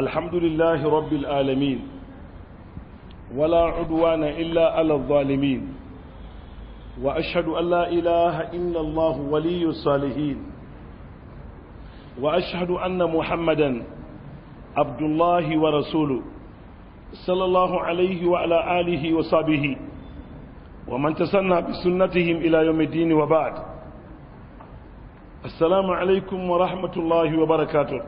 الحمد لله رب العالمين ولا عدوان إلا على الظالمين وأشهد أن لا إله إلا الله ولي الصالحين وأشهد أن محمدا عبد الله ورسوله صلى الله عليه وعلى آله وصحبه ومن تسنى بسنتهم إلى يوم الدين وبعد السلام عليكم ورحمة الله وبركاته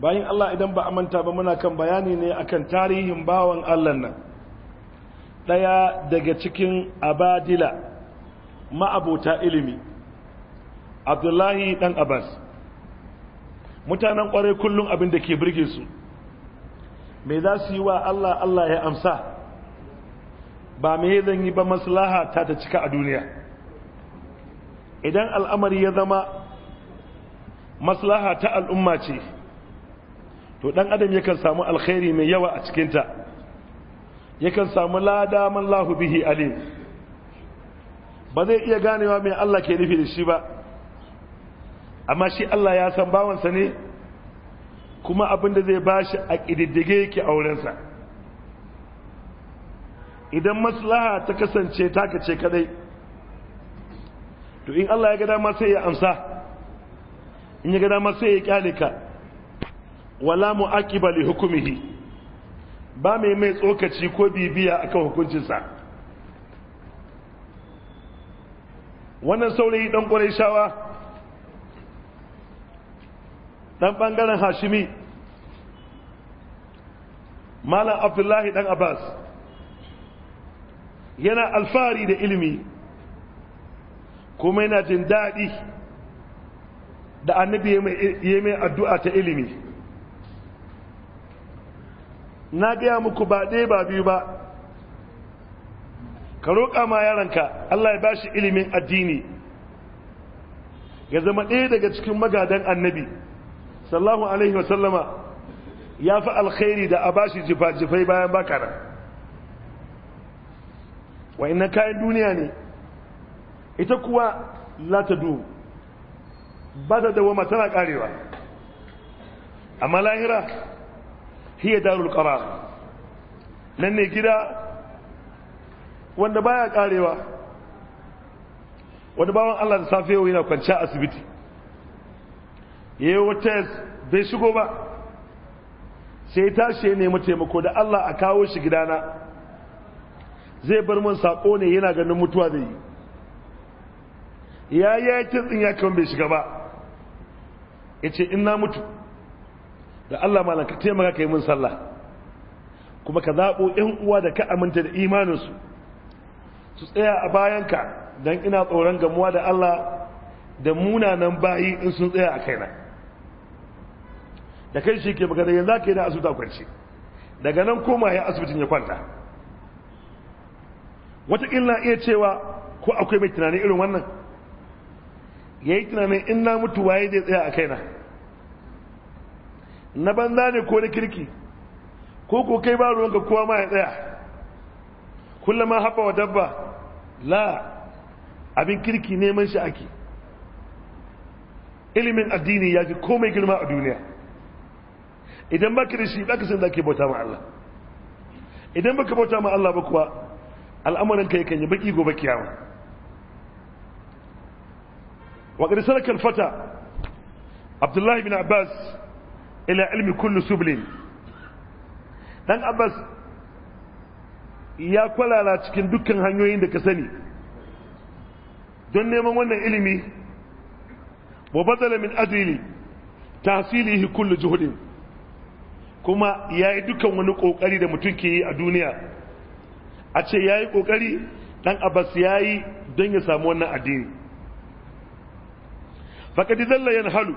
bayan Allah idan ba manta ba muna kan bayani ne akan tarihin bawan Allah nan ɗaya daga cikin abadila ma'abota ilimi abdullahi ɗan abbas mutanen ƙwarai kullum abin da ke birge su mai za su yi wa Allah Allah ya amsa ba mai zan yi ba maslaha ta ta cika a duniya idan al'amari ya zama maslaha ta al'umma ce to dan adam yakan samu alkhairi mai yawa a cikinta yakan samu lada man lahu bihi alim ba zai iya ganewa mai Allah ke nufi da shi ba amma shi Allah ya san bawansa ne kuma abin da zai bashi a ƙididdige yake aurensa idan maslaha ta kasance taka ce kadai to in Allah ya ga dama sai ya amsa in ya ga dama sai ya kyale ka wala mu akibali hukumihi ba mai mai tsokaci ko bibiya a kan hukuncinsa wannan saurayi ƙwarai shawa, ɗan ɓangaren hashimi malam abdullahi ɗan abbas yana alfari da ilimi kuma yana jin daɗi da annabi ya mai addu'a ta ilimi na gaya muku ba ɗaya ba biyu ba ka roƙa ma yaranka Allah ya ba shi ilimin addini ya zama ɗaya daga cikin magadan annabi sallahu alaihi wasallama ya fi alkhairi da a ba shi jifa-jifai bayan bakara ina kayan duniya ne ita kuwa du ba ta dawama tana karewa amma lahira hiya darul qarar nan ne gida wanda baya karewa wanda bawan Allah da safe yau yana kwanciya asibiti yayin wata bai shigo ba sai tashi ya nemi taimako da Allah a kawo shi gidana zai bar mun sako ne yana ganin mutuwa zai yi ya yi ya kitsin ya kan bai shiga ba ya ce in na mutu da Allah malam ka taimaka kai mun sallah kuma ka zaɓo 'yan uwa da ka aminta da imaninsu su tsaya a bayan ka dan ina tsoron gamuwa da Allah da munanan bayi in sun tsaya a kaina da kai shi ke da yanzu aka yi na asibita kwanci daga nan koma ya asibitin ya kwanta wataƙila iya cewa ko akwai mai tunanin irin wannan ya yi tunanin in na mutu waye zai tsaya a kaina na banza ne ko na kirki ko ko kai ba ruwanka kowa ma ya tsaya ma haɓa wa dabba la abin kirki neman shi ake ilimin addini ya fi komai girma a duniya idan baka da shi sun bauta ma Allah idan ka bauta ma Allah ba kuwa al'amuran kai kan yi baki gobe kiyama wa qad fata Abdullahi bin Abbas ila ilmi kullu sublin dan abbas ya kwalala cikin dukkan hanyoyin da ka sani don neman wannan ilimi wa badala min ajili tahsilihi kullu juhudin kuma yayi dukkan wani kokari da mutum ke yi a duniya a ce yayi kokari dan abbas yayi don ya samu wannan addini faqad zalla yanhalu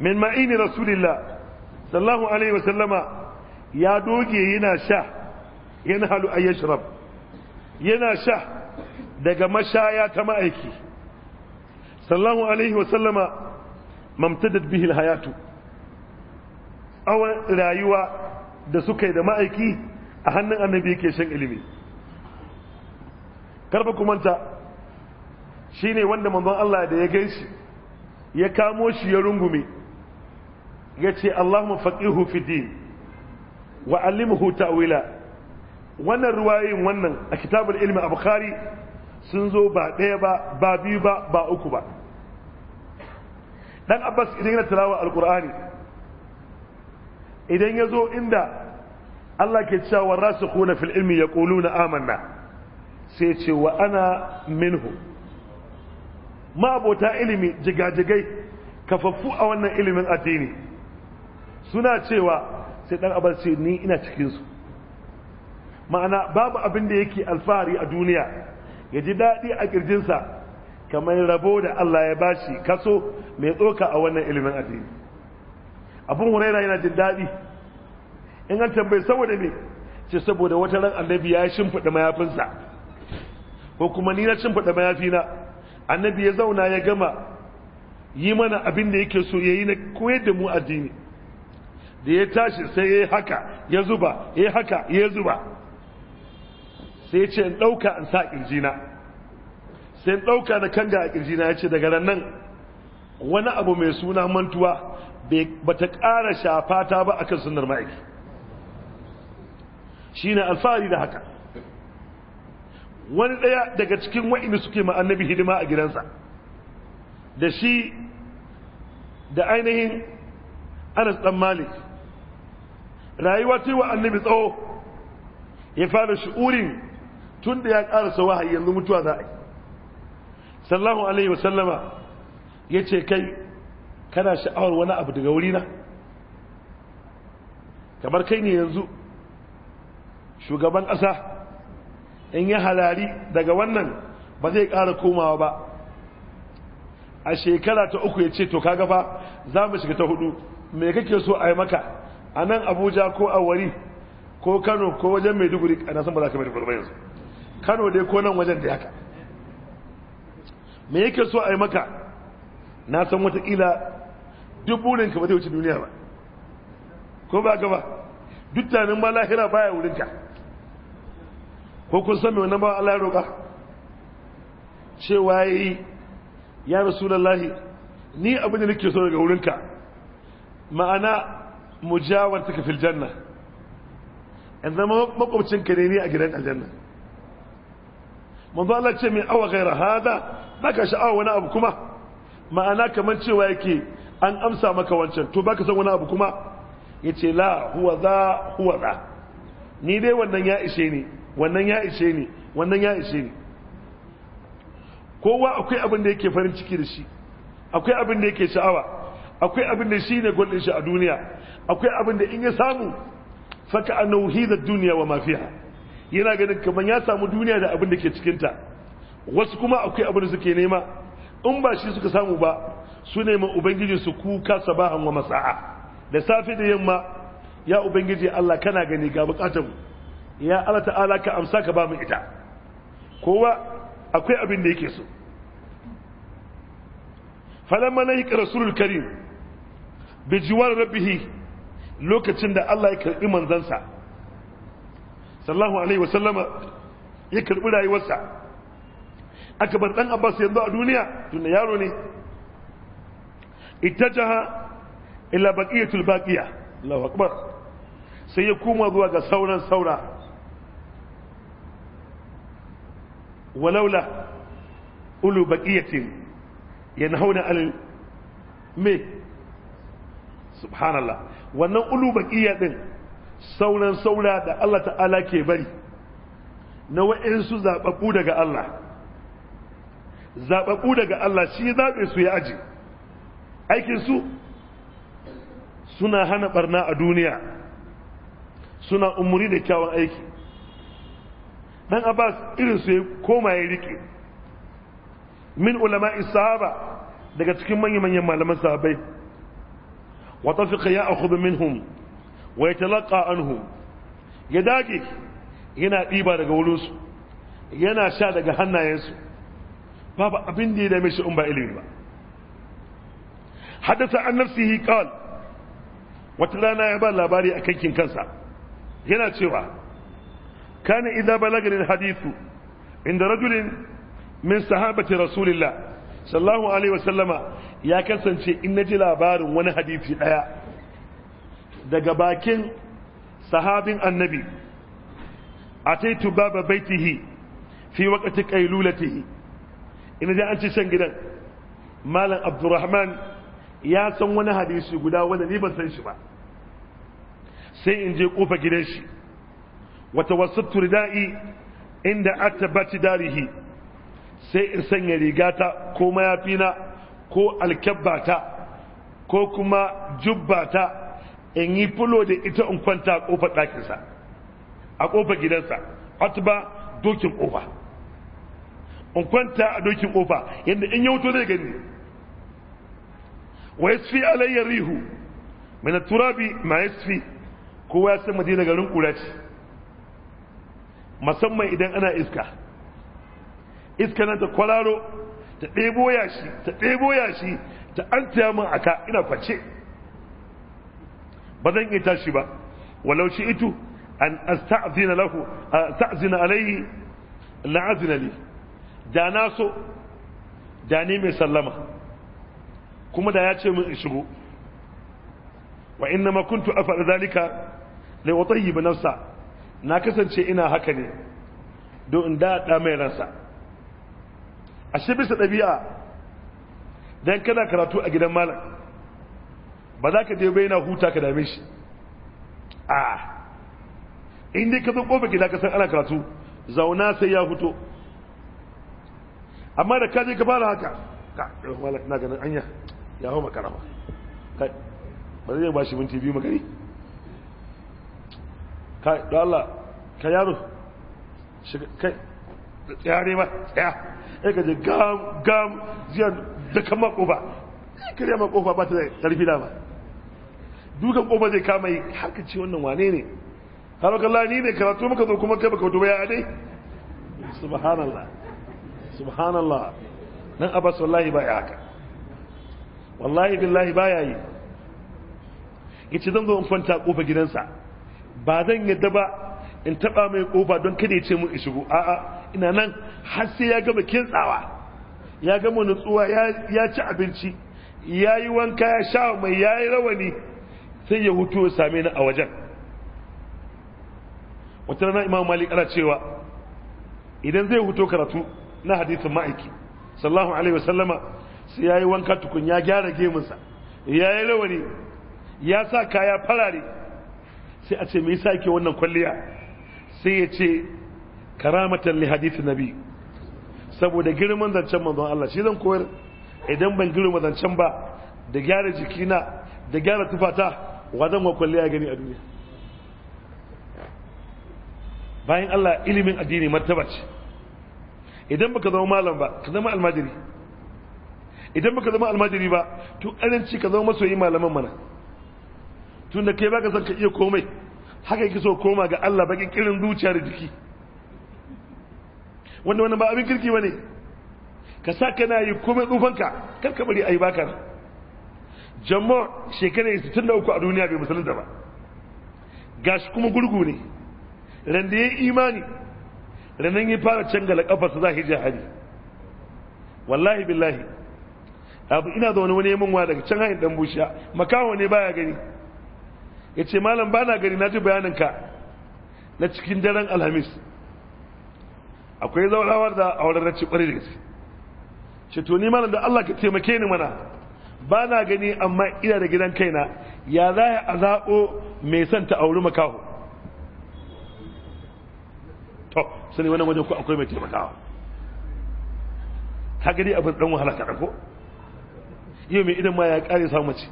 min ma'ini rasulillah sallallahu alaihi wa sallama ya doge yana sha yana halu ayyashrab yana sha daga mashaya ta ma'aiki sallallahu alaihi wa sallama mamtadat bihi alhayatu aw rayuwa da suka yi da ma'aiki a hannun annabi yake shan ilimi karba kumanta shine wanda manzon Allah da ya gaishi ya kamo shi ya rungume ya ce Allahumma faqihu fi din wa huta ta'wila wannan ruwayoyin wannan a kitabul ilmi a bukhari sun zo ba ɗaya ba ba biyu ba ba uku ba dan abbas idan yana tilawa Al-ƙur'ani idan ya zo inda Allah ke cewa rasikhuna fil ilmi na amanna sai ce wa ana minhu ma abota ilimi jigajigai kafaffu a wannan ilimin addini suna cewa sai dan abbas ni ina cikin su ma'ana babu abin da yake alfahari a duniya ya ji daɗi a kirjinsa kamar rabo da Allah ya bashi kaso mai tsoka a wannan ilimin addini abun huraira yana jin daɗi in an tambayi saboda me ce saboda wata ran annabi ya mayafin mayafinsa ko kuma ni na mayafi na annabi ya zauna ya gama yi mana abin da yake so ya yi na koyar da mu addini da ya tashi sai ya haka ya zuba ya haka ya zuba sai ya ce in ɗauka in sa ƙirjina sai in ɗauka na kanga a ƙirjina ya ce daga nan wani abu mai suna mantuwa ba ta ƙara shafa ta ba akan sunar ma'aiki shi ne alfahari da haka wani ɗaya daga cikin wa'ini suke ma'annabi hidima a gidansa da shi da ainihin anas ɗan malik rayuwa ta yi wa annabi tsawo ya fara shi'urin tun da ya karasa wahayi yanzu mutuwa za a yi sallahu alaihi wasallama ya ce kai kana sha'awar wani abu daga na kamar kai ne yanzu shugaban ƙasa in yi halari daga wannan ba zai ƙara komawa ba a shekara ta uku ya ce to kaga fa za mu shiga ta hudu mai kake so a yi maka a nan abuja ko a wari ko kano ko wajen maiduguri a nasan ba za ka maiduguri ba yanzu kano dai ko nan wajen da yaka me yake so a yi maka na san watakila duk burinka ba zai wuce duniya ba ko ba gaba duk tanin ba lahira baya wurinka ko kun san mai wannan ba Allah ya roƙa cewa ya yi ya rasulullahi ni abin da nake so daga wurinka ma'ana mujawartaka fil janna in zama makwabcinka ne a gidan aljanna manzo Allah ce min awa gaira hada baka sha'awa wani abu kuma ma'ana kamar cewa yake an amsa maka wancan to baka san wani abu kuma yace la huwa za huwa za ni dai wannan ya ishe ni wannan ya ishe ni wannan ya ishe ni kowa akwai abin da yake farin ciki da shi akwai abin da yake sha'awa akwai abin da shi ne gwal shi a duniya akwai abin da in ya samu faka annahu da duniya wa ma fiha yana ganin kaman ya samu duniya da abin da ke cikin ta wasu kuma akwai abin da suke nema in ba shi suka samu ba su nema ubangiji su kuka sabahan wa masa'a da safe da yamma ya ubangiji Allah kana gani ga bukatun ya Allah ta'ala ka amsa ka ba mu ita kowa akwai abin da yake so falamma nayi rasulul karim bi jiwar rabbihi lokacin da Allah ya karbi manzansa sallahu alaihi wasallama ya karɓi rayuwarsa aka bar ɗan Abbas yanzu a duniya tunda yaro ne Ita jaha ila baqiyatul baqiya Allahu akbar sai ya koma zuwa ga sauran saura walaula ulu baqiyatin yanhauna al me subhanallah wannan ulu baqiya din sauran saura da Allah ta'ala ke bari na wa'insu zaɓaɓɓu daga Allah zaɓaɓɓu daga Allah shi zaɓe su ya aji aikinsu suna hana ɓarna a duniya suna umuri da kyawun aiki dan abbas su ya koma ya riƙe min ulama sahaba daga cikin manya-manyan malaman sahabbai وطفق يأخذ منهم ويتلقى عنهم يداجي هنا ɗiba daga wurinsu yana sha daga hannayensu babu abin da ya dame shi ba ilimi ba haddasa an nafsihi qal wata rana ya ba labari a kankin kansa yana cewa kana idza balagani alhadithu inda rajulin min sahabati rasulillah sallallahu alaihi wasallama ya kasance in na ji labarin wani hadisi ɗaya daga bakin sahabin annabi a taitu baba baitihi fi wakati kailulatihi ina ji an ci shan gidan malam abdurrahman ya san wani hadisi guda wanda ni ban san shi ba sai in je kofa gidan shi wata wasattu rida'i inda atabati darihi sai in sanya rigata ko mayafina ko alkabbata ko kuma jubbata in yi fulo da ita in kwanta a kofar ɗakinsa a kofar gidansa ba dokin ƙofa in kwanta a dokin ƙofa yadda in ya wuto zai gani wa fi alayyar rihu min turabi ma fi? kowa ya san madina garin kuraci ce musamman idan ana iska iska nan ta kwararo ta ɗebo yashi ta ɗebo yashi ta an taya min aka ina kwace ba zan iya tashi ba walau shi itu an asta'zina lahu asta'zina alayhi la'azina li da na so da ni mai sallama kuma da ya ce min in shigo wa inna ma kuntu afal zalika la utayyiba nafsa na kasance ina haka ne don in da da mai ransa a shi bisa ɗabi'a don kana karatu a gidan malam ba za ka je bai na huta ka dame shi a inda ka zo ƙofa gida ka san ana karatu zauna sai ya huto amma da kaje ka fara haka ka yau malam na ganin anya ya hau makara ba kai ba zai ba shi minti biyu magari kai da Allah ka yaro kai tsayare ma tsaya ya ka je gam gam ziyar da kama ƙofa zai karya ma ƙofa ba ta ƙarfi da ba dukan ƙofa zai kama yi haka ce wannan wane ne har wakalla ni ne karatu maka zo kuma kai baka duba ya dai subhanallah subhanallah nan abbas wallahi ba ya haka wallahi billahi ba ya yi yace zan zo in kwanta kofa gidansa ba zan yadda ba in taba mai kofa don kada ya ce mun in shigo a'a ina nan har sai ya gama kintsawa ya gama nutsuwa ya ci abinci ya yi wanka ya sha mai ya yi rawani sai ya hutu ya same ni a wajen wata rana imam malik ana cewa idan zai huto karatu na hadisin ma'aiki sallallahu alaihi wasallama sai ya yi wanka tukun ya gyara gemunsa ya yi rawani ya sa kaya farare sai a ce me yasa yake wannan kwalliya sai ya ce karamatan li hadithin nabi saboda girman zancen manzon Allah shi zan koyar idan ban girma zancen ba da gyara jikina da gyara tufata wa zan wakwalli ya gani a duniya bayan Allah ilimin addini martaba ce idan baka zama malam ba ka zama almajiri idan baka zama almajiri ba to karanci ka zama masoyi malaman mana tun da kai baka san ka iya komai haka yake so koma ga Allah bakin kirin zuciya da jiki wanda wannan ba abin kirki ne. ka sa ka na yi komai tsufanka kar ka bari ayi baka jammo shekara uku a duniya bai musulunta ba Ga shi kuma gurgu ne randa ya yi imani randa ya fara cangala su za hijja hari wallahi billahi abu ina zaune wani yamin wa daga can hanyar dan bushiya makaho ne baya gani ya ce malam bana gani na ji bayaninka na cikin daren alhamis akwai zaurawar da auren racci ɓari da gaske ce to ni mana da Allah ka taimake ni mana ba na gani amma ina da gidan kaina ya za a zaɓo mai son ta auri makaho to sani wannan wajen ko akwai mai taimakawa ta gani abin ɗan wahala ka ɗako yau mai idan ma ya ƙare samu mace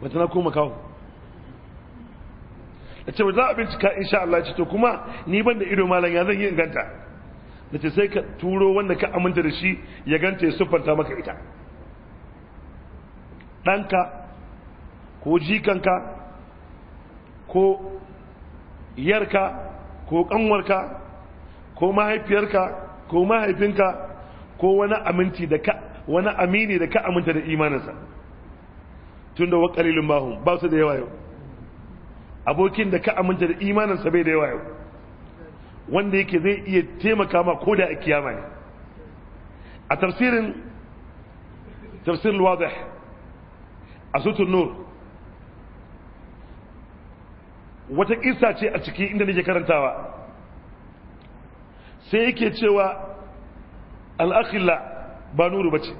mace na kuma makaho da ce ba za a bincika insha Allah ce to kuma ni ban da ido malam ya zan yi inganta na ce sai ka turo wanda ka aminta da shi ya ganta ya siffanta maka ita ɗanka ko jikanka ko yarka ko ƙanwarka ko mahaifiyarka ko mahaifinka ko wani da ka wani amini da ka aminta da imaninsa tun da waƙalilin bahu ba su da yawa yau abokin da ka aminta da imaninsa bai da yawa yau wanda yake zai iya taimaka ma ko da a kiyama ne a tafsirin tafsir wadih a sutun nur wata kisa ce a ciki inda nake karantawa sai yake cewa al'akhila ba nuru ba ce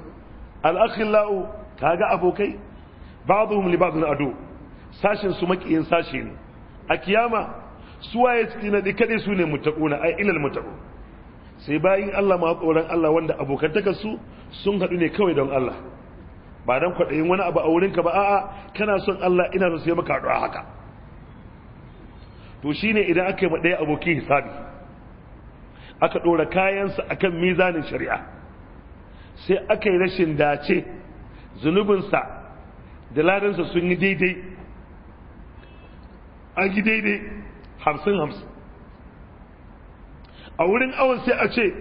al'akhila'u ta ga abokai ba abu li ado sashen su makiyin sashe ne a kiyama suwaye suke na kadai su ne mutaquna ai ilal mutaqun sai bayin Allah ma tsoron Allah wanda abokantaka su sun hadu ne kawai don Allah ba dan kwaɗayin wani abu a wurinka ba a'a kana son Allah ina son sai maka addu'a haka to shine idan aka yi ma ɗaya aboki hisabi aka ɗora kayansa akan mizanin shari'a sai aka yi rashin dace zunubinsa da ladansa sun yi daidai an yi daidai hamsin hamsin a wurin awon sai a ce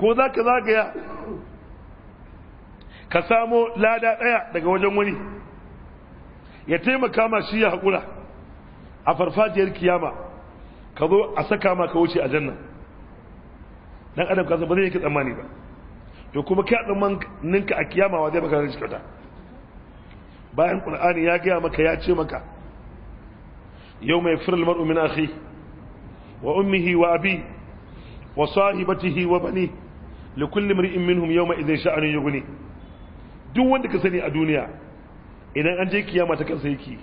ko za ka zagaya ka samo lada daya daga wajen wani ya taimaka ma shi ya haƙura a farfajiyar kiyama ka zo a saka ma ka wuce a janna dan adam ka ba zai yake tsammani ba to kuma ka tsammaninka a kiyama wa zai baka zai kyauta bayan ƙul'ani ya gaya maka ya ce maka Yau يوم يفر المرء من أخيه وأمه وأبيه وصاحبته وبنيه لكل امرئ منهم يومئذ شأن يغنيه duk wanda ka sani a duniya idan an je kiyama ta kansa yake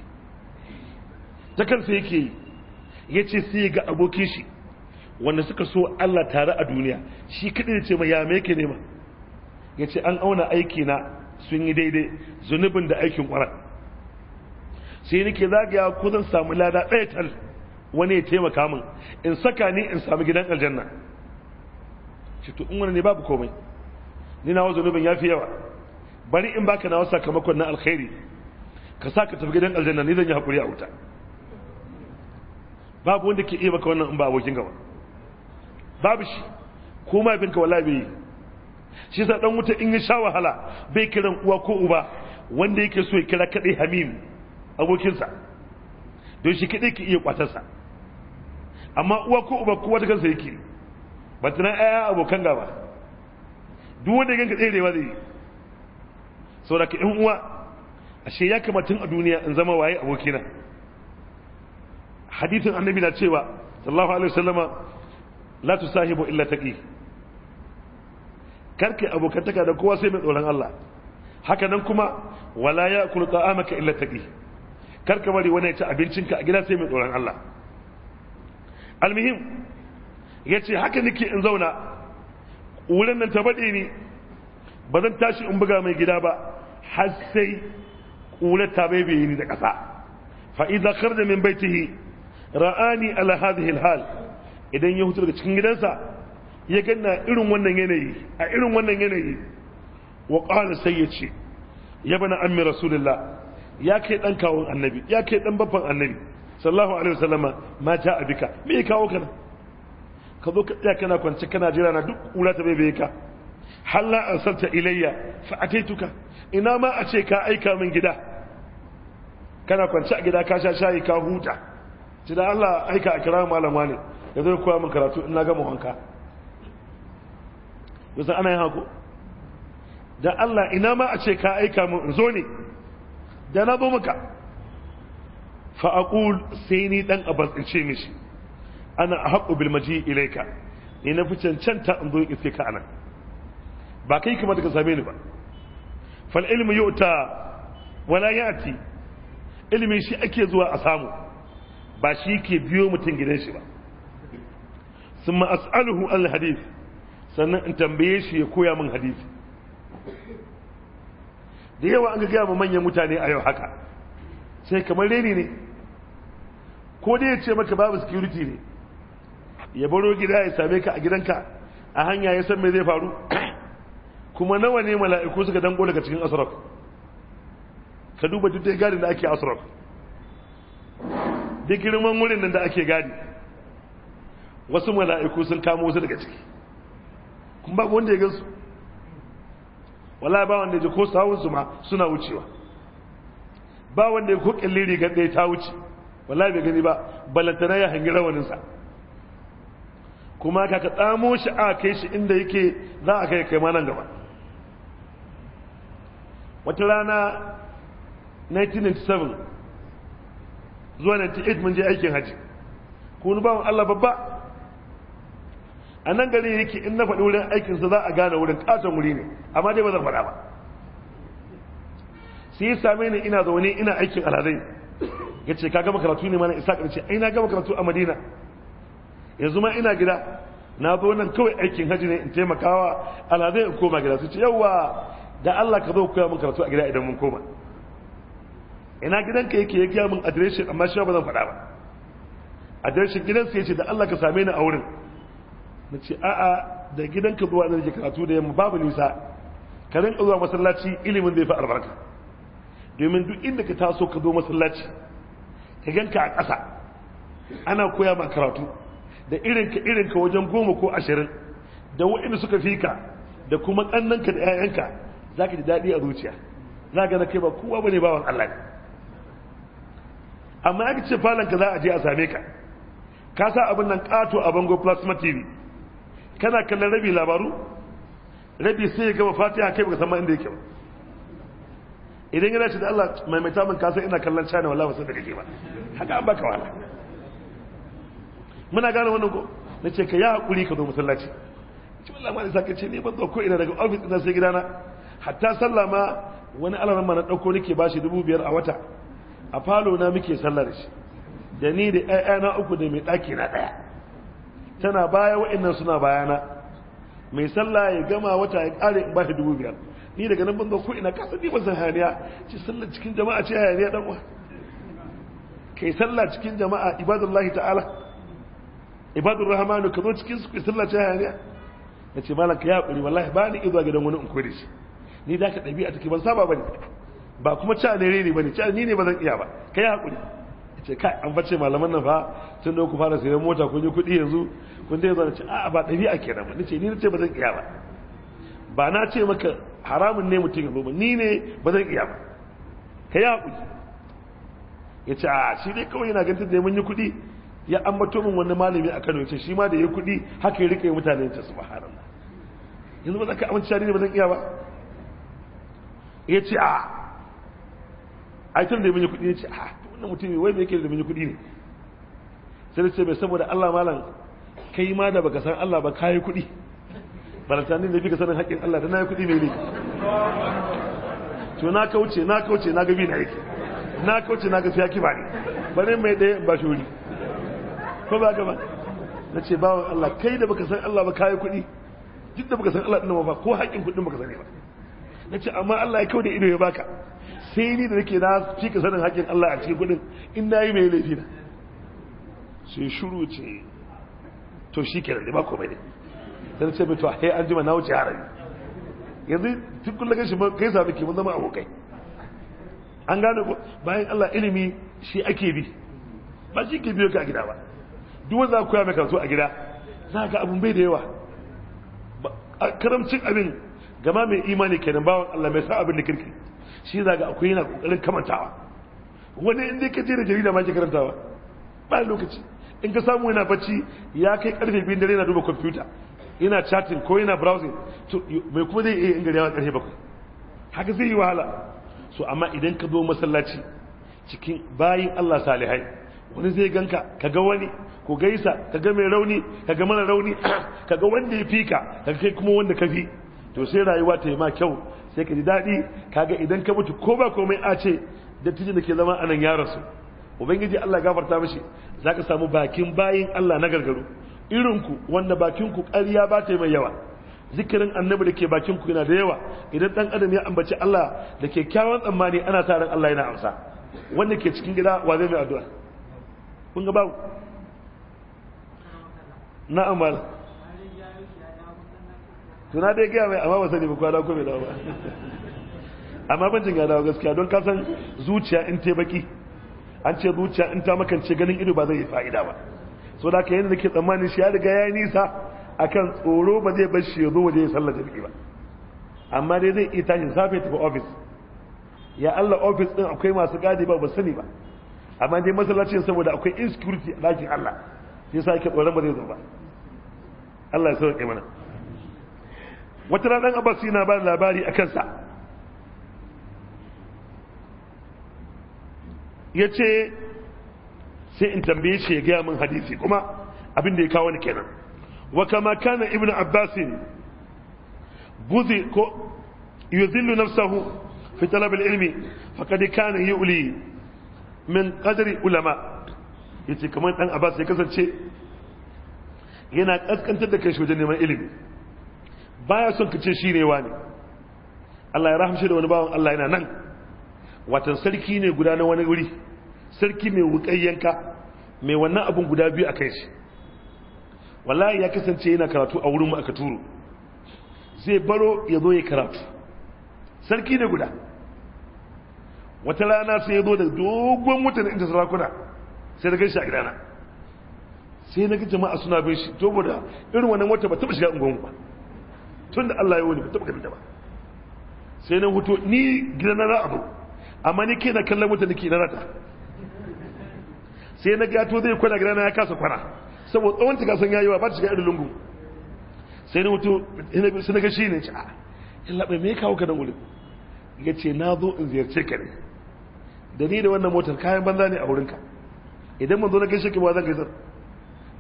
ta kansa yake ya ce sai ga abokin shi wanda suka so Allah tare a duniya shi kaɗai da ce ma ya me nema ya ce an auna aiki na sun yi daidai zunubin da aikin ƙwarar sai nake zagaya ko zan samu lada ɗaya tal wani ya taimaka min in saka ni in samu gidan aljanna ce to in wani ne babu komai ni na wazo nubin ya fi yawa bari in baka nawa sakamakon na alkhairi ka sa ka tafi gidan aljanna ni zan yi hakuri a wuta babu wanda ke iya maka wannan in ba abokin gaba babu shi ko mahaifinka wallahi bai yi shi sa dan wuta in ya sha wahala bai kiran uwa ko uba wanda yake so ya kira kadai hamim abokinsa don shi kaɗai ka iya kwatarsa amma uwa ko uba ko wata kansa yake ba ta nan aya abokan gaba duk wanda ganka tserewa zai yi sau da ka ɗin uwa ashe ya kamata a duniya in zama waye abokina hadithin annabi na cewa sallallahu alaihi wasallama la tusahibu illa taqi karke abokantaka da kowa sai mai tsoron Allah haka nan kuma wala ya kulu ta'amaka illa taqi kar ka bari wani ya ci abincinka a gida sai mai tsoron Allah almihim ya ce haka nake in zauna wurin nan ta baɗe ni ba zan tashi in buga mai gida ba har sai ƙunar ta bai ni da ƙasa fa'iza kar da min baitihi ra'ani ala hadhihi hal idan ya hutu daga cikin gidansa ya ganna irin wannan yanayi a irin wannan yanayi wa qala sai ya ce ya bana ammi rasulullah ya kai dan kawon annabi ya kai dan babban annabi sallallahu alaihi wasallama ma ja abika me ya kawo kana ka zo ka tsaya kana kwance kana jira na duk kula ta bebe ka halla arsalta ilayya fa ataituka ina ma a ce ka aika min gida kana kwance a gida ka sha shayi ka huta ci da Allah aika a kira malama ne ya zo koya min karatu in na gama wanka yasa ana yin hako da Allah ina ma a ce ka aika min zo ne da na zo maka fa aqul sai ni dan abbas in mishi ana ahqqu bil maji ilayka ni na fi cancanta in zo in iske ka anan ba kai kuma daga same ni ba fal ilmu yu'ta wala ya'ti ilmi shi ake zuwa a samu ba shi ke biyo mutum gidan shi ba summa as'aluhu al hadith sannan in tambaye shi ya koya min hadisi da yawa an gaya ma manyan mutane a yau haka sai kamar reni ne ko dai ya ce maka babu security ne ya baro gida ya same ka a gidanka a hanya ya san me zai faru kuma nawa ne mala'iku suka dango daga cikin asraf ka duba duk dai gadi da ake asraf duk girman wurin nan da ake gadi wasu mala'iku sun kamo su daga ciki kuma wanda ya gansu wallahi ba wanda ya ji ko sawun su ma suna wucewa ba wanda ya ko kalli riga ɗaya ta wuce wallahi bai gani ba balantana ya hangi rawanin sa kuma ka ka tsamo shi a kai shi inda yake za a kai kai ma nan gaba wata rana 1997 zuwa 98 mun je aikin haji Ku ba bawan Allah babba a nan gari yake in na faɗi wurin aikinsa za a gane wurin ƙaton wuri ne amma dai ba zan faɗa ba sai ya same ni ina zaune ina aikin alhazai ya ce ka gama karatu ne mana isa ƙarshe ai na gama karatu a madina yanzu ma ina gida na zo nan kawai aikin hajji ne in taimakawa alhazai in koma gida su ce yawwa da allah ka zo koya min karatu a gida idan mun koma ina gidanka yake ya gaya min adireshin amma shi ba zan faɗa ba adireshin gidansa ya ce da allah ka same ni a wurin na ce a'a da gidanka zuwa da ke karatu da yamma babu nisa ka rinka zuwa masallaci ilimin zai fi albarka domin duk inda ka taso ka zo masallaci ka ganka a ƙasa ana koya ma karatu da irinka irinka wajen goma ko ashirin da wa'inda suka fi ka da kuma ƙannanka da 'ya'yanka za ka ji daɗi a zuciya za ka kai ba kowa ba ne bawan Allah ne amma ya ce falon ka za a je a same ka ka sa abin nan ƙato a bango plasma tv kana kallon rabi labaru rabi sai ya gaba fatiha kai baka san ma inda yake ba idan yana ce da Allah maimaita tamun kasan ina kallon China wallahi ba san da ba haka an baka wahala muna gane wannan ko nace ka ya hakuri ka zo masallaci ce wallahi ma saka ce ne ban zo ko ina daga office ina sai gidana hatta sallah ma wani alaran ma na dauko nake bashi 2500 a wata a falo na muke sallar shi da ni da ƴaƴana uku da mai daki na daya tana baya wa'annan suna bayana mai sallah ya gama wata ya kare ba shi dubu biyar ni daga nan banza ko ina kasa ni ban san hayaniya ce sallah cikin jama'a ce hayaniya dan uwa kai sallah cikin jama'a ibadullahi ta'ala ibadur rahmanu ka zo cikin su kai sallah ce hayaniya nace malam ka ya hakuri wallahi ba ni izuwa gidan wani in kore shi ni da ka dabi'a take ban saba bane ba kuma cha ne ne bane cha ni ne ba zan iya ba kai hakuri ce kai an bace malaman nan fa tun da ku fara sayan mota kun yi kuɗi yanzu kun dai zo ce a'a ba ɗabi'a kenan ba nace ni nace ba zan iya ba ba na ce maka haramun ne mutum ya zo ba ni ne ba zan iya ba ka yi haƙuri ya ce a shi dai kawai yana ganta da mun yi kuɗi ya ambato min wani malami a Kano ya ce shi ma da ya kuɗi haka ya rike mutane ya ce subhanallah yanzu ba za ka amince ne ba zan iya ba ya ce a aikin da ya mun yi kuɗi ya ce a wannan mutum wai me yake da mun kuɗi ne sai ce mai saboda Allah malam kai ma da baka san Allah ba kayi kuɗi baratani da ka sanin haƙin Allah da na yi kuɗi mai ne to na kauce na kauce na gabi na yake na kauce na gafi ya ba ne bane mai ɗaya ba shuri ko ba gaba na ce bawan Allah kai da baka san Allah ba kayi kuɗi duk da baka san Allah ɗin ba ko haƙin kuɗin baka sani ba na ce amma Allah ya kau da ido ya baka sai ni da nake na fi ka sanin hakin Allah a cikin kudin in na yi mai laifi na sai shuru ce to shi ke da ba komai ne sai ce mai to a an jima na wuce harari yanzu tun kullum gashi kai sami ke mun zama abokai an gane ko bayan Allah ilimi shi ake bi ba shi ke biyo ka gida ba duk wanda za ku koya mai karatu a gida za ka abun bai da yawa karamcin abin gama mai imani kenan bawan Allah mai sa abin da kirki shi ga akwai yana kokarin kamantawa wani inda ka je da jarida ma ke karantawa ba lokaci in ka samu yana bacci ya kai karfe biyu dare yana duba kwamfuta yana chatting ko yana browsing to mai kuma zai iya ingari yawan karfe bakwai haka zai yi wahala so amma idan ka zo masallaci cikin bayin Allah salihai wani zai ganka ka ga wani ko gaisa ka ga mai rauni ka ga mana rauni ka ga wanda ya fika ka kai kuma wanda ka fi to sai rayuwa ta yi ma kyau sai ka ji daɗi kaga idan ka mutu ko ba komai a ce dattijin da ke zama anan ya rasu ubangiji Allah gafarta mashi. za ka samu bakin bayin Allah na gargaru irinku wanda bakinku ƙarya ba ta yi mai yawa zikirin annabi da ke bakinku yana da yawa idan ɗan adam ya ambaci Allah da ke kyawun tsammani ana sa ran Allah yana amsa wanda ke cikin gida wa zai mai addu'a kun ga babu amal tuna dai gaya mai amma ba sani ba kwana ko bai dawo ba amma ban jin gadawa gaskiya don kasan zuciya in te baki an ce zuciya in ta makance ganin ido ba zai yi fa'ida ba so da ka da ke tsammanin shi ya riga ya nisa akan tsoro ba zai bar shi ya zo waje ya sallar jirgi ba amma dai zai iya tashi safe tafi ofis ya Allah ofis din akwai masu gadi ba ba sani ba amma dai masallacin saboda akwai insecurity a ɗakin Allah sai sa yake tsoron ba zai zo ba Allah ya sauke mana wata ranar abbas yana ba labari a kansa ya ce sai in tambaye shi ya gaya min hadisi kuma abin da ya kawo ni kenan wa kama kana ibn abbasin buzi ko yuzillu nafsahu fi talab ilmi faqad kana yu'li min qadri ulama yace kamar dan abbas ya kasance yana kaskantar da kai shi wajen neman ilimi baya son ka ce shi ne wa ne. Allah ya shi da wani bawan Allah yana nan watan sarki ne guda na wani wuri sarki mai wukayyanka mai wannan abun guda biyu a kai shi wallahi ya kasance yana karatu a wurin mu turu katuru. zai baro ya zo ya karatu sarki ne guda wata rana sai ya zo da dogon mutane inda sarakuna sai da gaishe a gidana sai na gajama jama'a suna bin shi da irin wannan wata ba taba shiga unguwan ba tun da Allah ya wani mutum ganin da ba sai na huto ni gina na ba amma ni ke na kallon wuta nake na rata sai na gato zai kwana gida na ya kasa kwana saboda tsawon ta kasan yayi wa ba ta shiga irin lungu sai na huto sai na ga shi ne ci a yalla bai me kawo ka da wurin ya ce na zo in ziyarce ka ne da ni da wannan motar kayan banza ne a wurinka idan mun zo na gaishe ka ba zan gaisar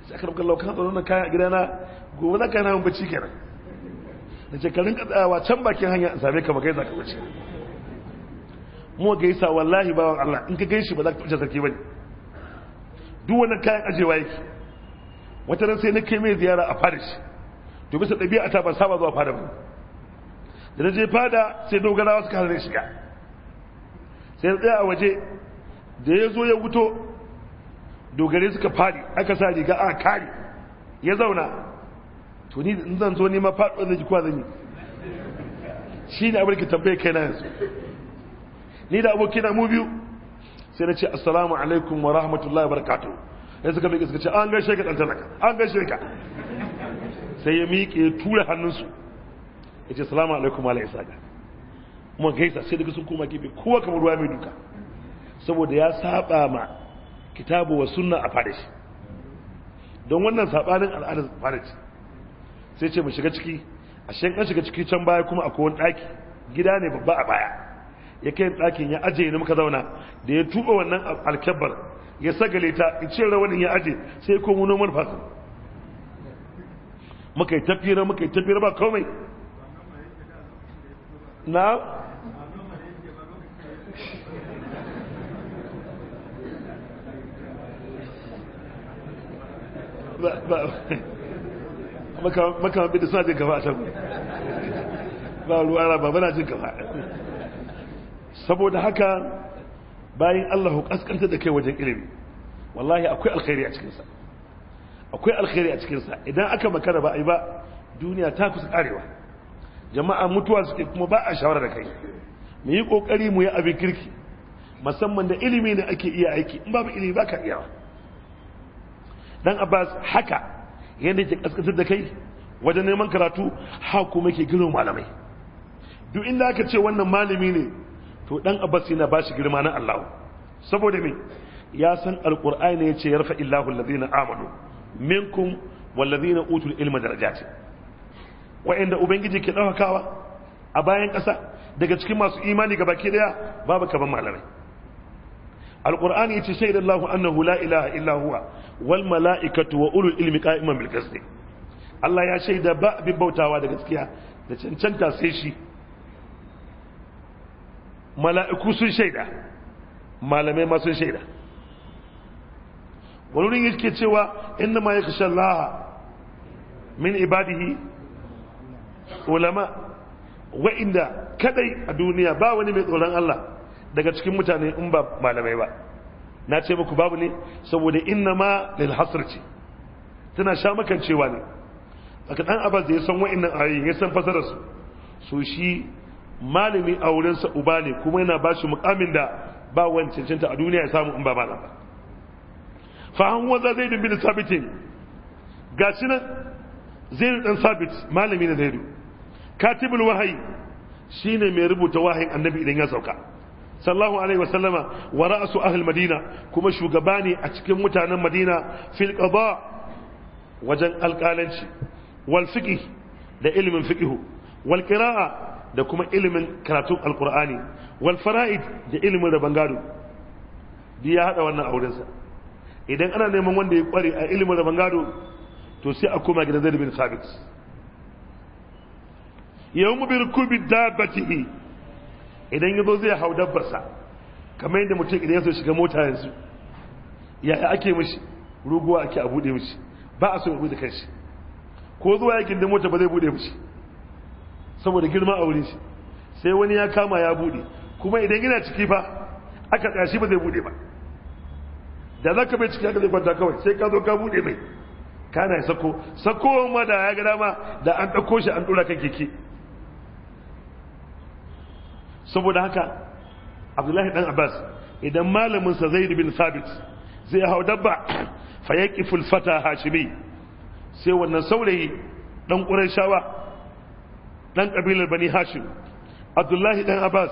sai aka rubuta lauka zo nan kayan gidana gobe za ka yana mun bacci kenan Da ce ka can bakin hanya a same ka ba kai za wuce mu gaisa wallahi bawan Allah in ka gaishe ba za ka wuce sarki bane duk wannan kayan ajewa yake wata ran sai na kai mai ziyara a Paris to bisa ɗabi'a ta ban saba zuwa fada ba da na je fada sai dogarawa suka hana shiga sai tsaya a waje da ya zo ya wuto dogare suka fadi aka sa riga a kare ya zauna tuni in zan zo nema faɗo da jikuwa zan yi shi ne abin ke tambaye kai na yanzu ni da abokina mu biyu sai na ce assalamu alaikum wa rahmatullahi wa barakatu yanzu ka miƙe suka ce an gaishe ka tsantar naka an gaishe ka sai ya miƙe tura hannunsu ya ce salamu alaikum wa la'isa ga kuma gaisa sai daga sun koma gefe kowa kamar ruwa mai duka saboda ya saba ma kitabu wa sunna a fadashi. don wannan sabanin al'adar fadashi. sai ce mu shiga ciki a ashe kan shiga ciki can baya kuma akwai wani daki gida ne babba a baya ya kai dakin ya aje ne muka zauna da ya tuba wannan alkabbar ya sagale ta in ce rawanin ya aje sai ko mu noman fasa muka yi tafira muka yi tafira ba komai na ba ba makaman bida suna jin gaba a can ba ruwa na jin gaba saboda haka bayan Allah kaskanta da kai wajen ilimi wallahi akwai alkhairi a cikinsa akwai alkhairi a cikinsa idan aka makara ba a yi ba duniya ta kusa karewa jama'a mutuwa suke kuma ba a shawara da kai mu yi kokari mu yi abin kirki musamman da ilimi ne ake iya aiki in babu ilimi ba ka iyawa dan abbas haka yadda ke kaskantar da kai wajen neman karatu haku kuma ke girma malamai duk inda aka ce wannan malami ne to dan abbas yana ba shi girma na Allah saboda me ya san ya ce yarfa illahu alladhina amanu minkum walladhina utul ilma darajat inda ubangiji ke daukakawa a bayan kasa daga cikin masu imani gabaki daya babu kaban malamai alqur'ani yace shaida Allahu annahu la ilaha illa huwa wal mala'ikatu wa ilmi qa'iman bil qist Allah ya shaida ba bin bautawa da gaskiya da cancanta sai shi mala'iku sun shaida malamai ma sun shaida wani wurin yake cewa inna ma ya kashe Allah min ibadihi ulama wa'inda kadai a duniya ba wani mai tsoron Allah daga cikin mutane in ba malamai ba na ce muku babu ne saboda inna ma lil hasr ce tana sha makan cewa ne daga dan abaz da ya san wa'annan ayoyin ya san fasarar su so shi malami a wurin sa uba ne kuma yana ba shi mukamin da ba wancan cinta a duniya ya samu in ba malam ba fa han wa zaid bin ga gashi nan zai dan sabit malami ne zaidu katibul wahayi shine mai rubuta wahayin annabi idan ya sauka sallallahu alaihi wasallama wa ra'su ahli madina kuma shugaba ne a cikin mutanen madina fil qada wajen alƙalanci wal fiqh da ilimin fiqh wal qira'a da kuma ilimin karatun alqur'ani wal fara'id da ilimin rabon gado duk ya hada wannan auren sa idan ana neman wanda ya kware a ilimin rabon gado to sai a koma gidan zaid bin thabit yawmu bi rukubi idan ya zo zai hau dabbarsa kamar yadda mutum idan ya zo shiga mota yanzu yaya ake mishi ruguwa ake a buɗe mishi ba a so ya buɗe kanshi ko zuwa ya da mota ba zai buɗe mishi saboda girma a wurin shi sai wani ya kama ya buɗe kuma idan yana ciki fa aka tsashi ba zai buɗe ba da za ka bai ciki aka zai kwanta kawai sai ka zo ka buɗe mai kana ya sako sako ma da ya ga dama da an ɗauko shi an ɗora kan keke saboda haka abdullahi dan abbas idan malamin sa zaid bin sabit zai hau dabba fa yaqifu al hashimi sai wannan saurayi dan ɗan dan kabilar bani hashim abdullahi dan abbas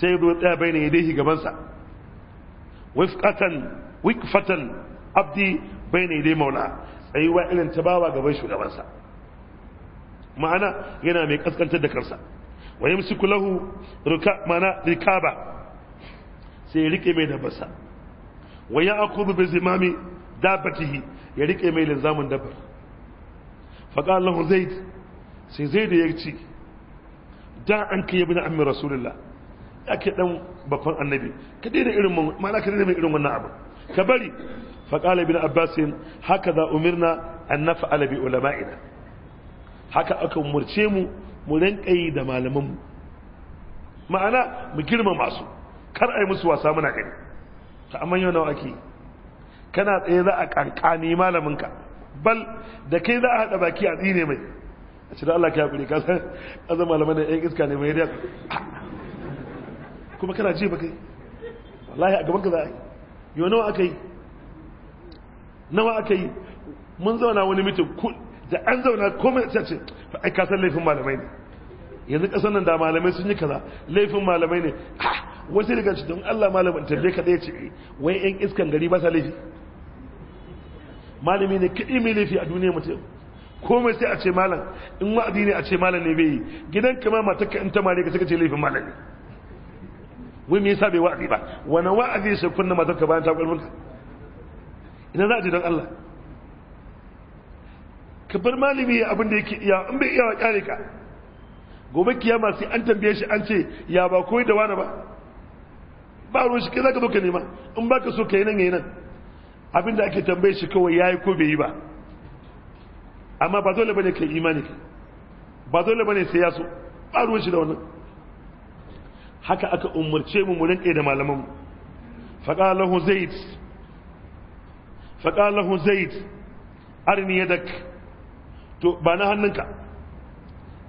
sai zo ɗaya bai ne yadaihi gabansa wifqatan wikfatan abdi bai ne yadai maula tsayuwa irin ta bawa gaban shugabansa ma'ana yana mai kaskantar da kansa wa yamsiku lahu mana rikaba sai ya rike mai da wa ya akubu bi zimami dabatihi ya rike mai linzamin dabar faqa lahu zai sai zai da ya ci da an kai na ammi rasulullah yake ɗan babban annabi ka daina irin mana ka daina irin wannan abu ka bari فقال ابن عباس هكذا أمرنا أن نفعل بأولمائنا haka aka umarce mu mu rinka yi da malamanmu ma'ana mu girma masu kar a yi musu wasa muna gani ta amma yau nawa ake kana tsaye za a kankani malaminka bal da kai za a haɗa baki a tsine mai a cikin Allah ka kuri kasa azan malaman da yan iska ne mai riya kuma kana ji ba kai wallahi a gaban ka za a yi yau nawa aka yi nawa aka yi mun zauna wani mitin da an zauna komai a ce ai ka san laifin malamai ne yanzu kasan nan da malamai sun yi kaza laifin malamai ne Ha wasu daga cikin don Allah malamin talle ka dai ce eh, wai yan iskan gari ba sa laifi malami ne kadi mai laifi a duniya mutum komai sai a ce malam in wa'adi ne a ce malam ne bai yi gidan kama matakka in ta mare ka suka ce laifin malam ne wai me yasa bai wa'azi ba wani wa'azi sai kunna ka bayan ta kwalmunka idan za a ji don Allah ka bar malami ya abin da yake iya in bai iya kyale ka gobe kiyama sai an tambaye shi an ce ya ba koyi da wani ba ba ruwan shi kai zaka zo ka nema in baka so kai nan yayin nan abin da ake tambaye shi kawai yayi ko bai yi ba amma ba dole bane kai imani ba dole bane sai ya so ba ruwan shi da wannan haka aka umarce mu mu rinke da malaman mu faqalahu zaid faqalahu zaid arni yadak to ba na hannunka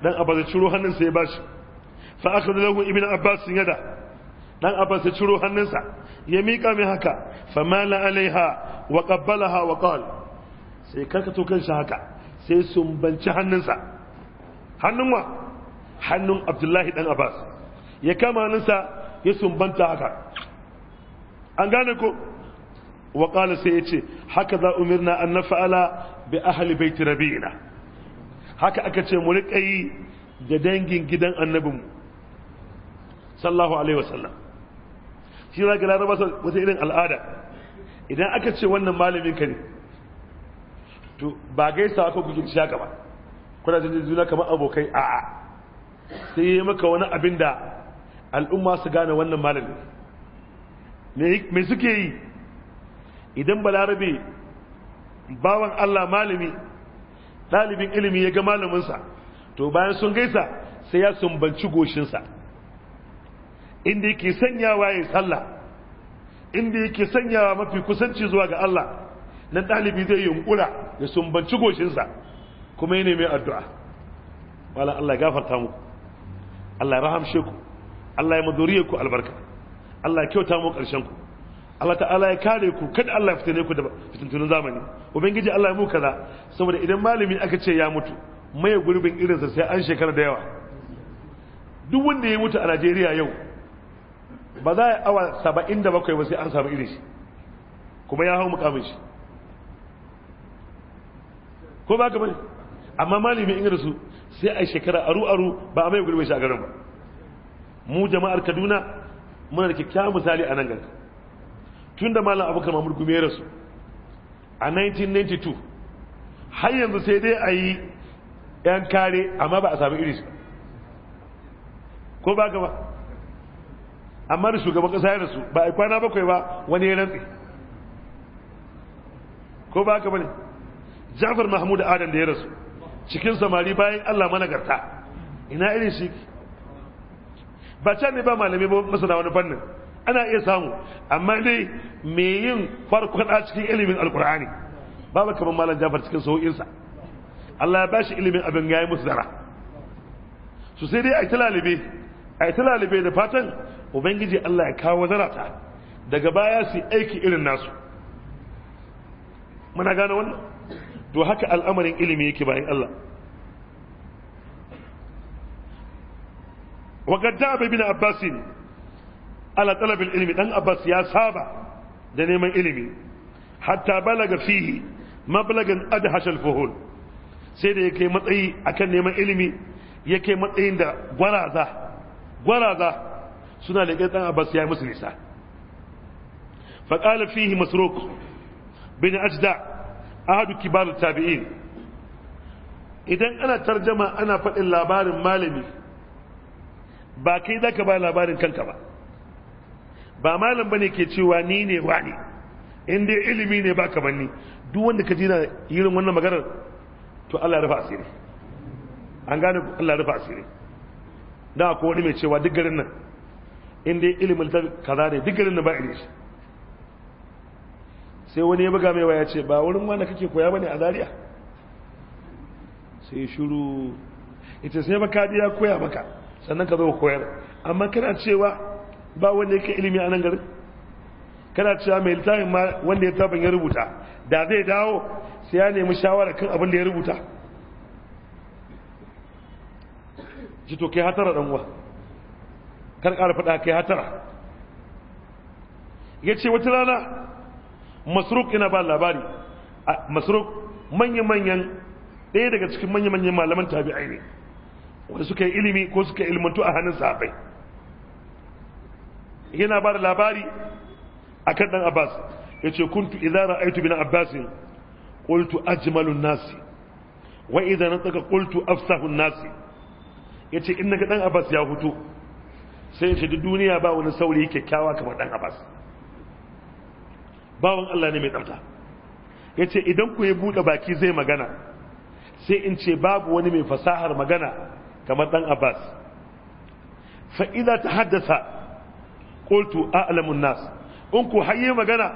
dan abbas ya ciro hannunsa ya bashi fa abbas dan ciro hannunsa ya mika mai haka fa mala alaiha wa qabbalaha wa qala sai haka sai sumbanci hannunsa hannun wa hannun abdullahi dan abbas ya kama hannunsa ya sumbanta haka an gane ko wa qala sai ya ce haka za umirna an nafa'ala bi ahli baiti rabi'ina haka aka ce mu riƙa yi da dangin gidan annabinmu sallahu alaihi wasallam shi za ga laraba wata irin al'ada idan aka ce wannan malamin ka ne to ba gaisawa ko kuke shaka ba kuna jin juna kamar abokai a sai yi maka wani abin da al'umma su gane wannan malamin. me suke yi idan balarabe bawan Allah malami ɗalibin ilimi ya ga malaminsa to bayan sun gaisa sai ya sumbanci goshinsa inda yake sanyawa ya sallah inda yake sanyawa mafi kusanci zuwa ga Allah nan ɗalibi zai yunkura ya sumbanci goshinsa kuma yana mai addu'a wala Allah ya gafarta muku Allah ya rahamshe ku Allah ya madoriye ku albarka Allah ya kyauta muku ƙarshen ku Allah ta'ala ya kare ku kada Allah ya fitine ku da fitintunan zamani ubangiji Allah ya mu kaza saboda idan malami aka ce ya mutu maye gurbin irin sa sai an shekara da yawa duk wanda ya mutu a Najeriya yau ba za a awa 77 da bakwai ba sai an samu irin shi kuma ya hau mukamin shi ko ba ka bane amma malami in rasu sai a shekara aru aru ba a mai gurbin shi a garin ba mu jama'ar kaduna muna da kyakkyawan misali a nan garin tun da malin abubakar mahmud gumi ya rasu a 1992 har yanzu sai dai a yi 'yan kare amma ba a sami iris ba ko ba gaba amma da shugaban kasa ya rasu ba a kwana bakwai ba wani ya rantsi ko ba gaba ne jafar mahmud adam da ya rasu cikin samari bayan allah managarta ina irin shi ba can ne ba malami ba masana wani fannin ana iya samu amma dai me yin farkwada cikin ilimin alkur'ani babu kamar malam jafar cikin sau'insa Allah ya bashi ilimin abin ya yi musu zara su sai dai a yi lalibe a yi da fatan ubangiji Allah ya kawo zarata daga baya su aiki irin nasu muna gane wannan to haka al'amarin ilimi yake bayan Allah وقد دعا ابن ne. ala talabil ilimi dan abbas ya saba da neman ilimi hatta balaga fihi mablagan adhash al-fuhul sai da yake matsayi akan neman ilimi yake matsayin da gwaraza gwaraza suna da dan abbas ya musu nisa fa qala fihi masruq bin ajda ahadu kibar tabi'in idan ana tarjama ana faɗin labarin malami ba kai zaka ba labarin kanka ba ba malam bane ke cewa ni ne wani in dai ilimi ne kamar ni duk wanda ka jina irin wannan maganar to Allah ya rufa asiri an gane Allah ya rufa asiri da ko wani mai cewa duk garin nan in dai ilimin ta kaza ne duk garin nan ba irin shi sai wani ya buga mai waya ce ba wurin wanda kake koya bane a Zaria sai shiru ita sai baka ya koya maka sannan ka zo koyar amma kana cewa ba wanda yake ilimi a nan garin kana cewa mai littafin ma wanda ya tafin ya rubuta da zai dawo sai ya nemi shawara kan abin da ya rubuta ji to kai hatara dan uwa kar ƙara faɗa kai hatara ya ce wata rana masruk ina ba labari masruk manya-manyan ɗaya daga cikin manya-manyan malaman tabi'ai ne wanda suka yi ilimi ko suka ilmantu a hannun sahabai yana ba da labari a kan ɗan abbas ya ce kuntu idara aitu bin abbasin ƙultu ajimalun nasi wa idan tsaka ƙultu afsahun nasi ya ce in ga ɗan abbas ya hutu sai ya ce duk duniya ba wani sauri kyakkyawa kamar ɗan abbas bawan allah ne mai tsafta ya ce idan ku yi buɗe baki zai magana sai in ce babu wani mai fasahar magana kamar ɗan abbas fa'ida ta haddasa qultu a'lamun nas in ku hayye magana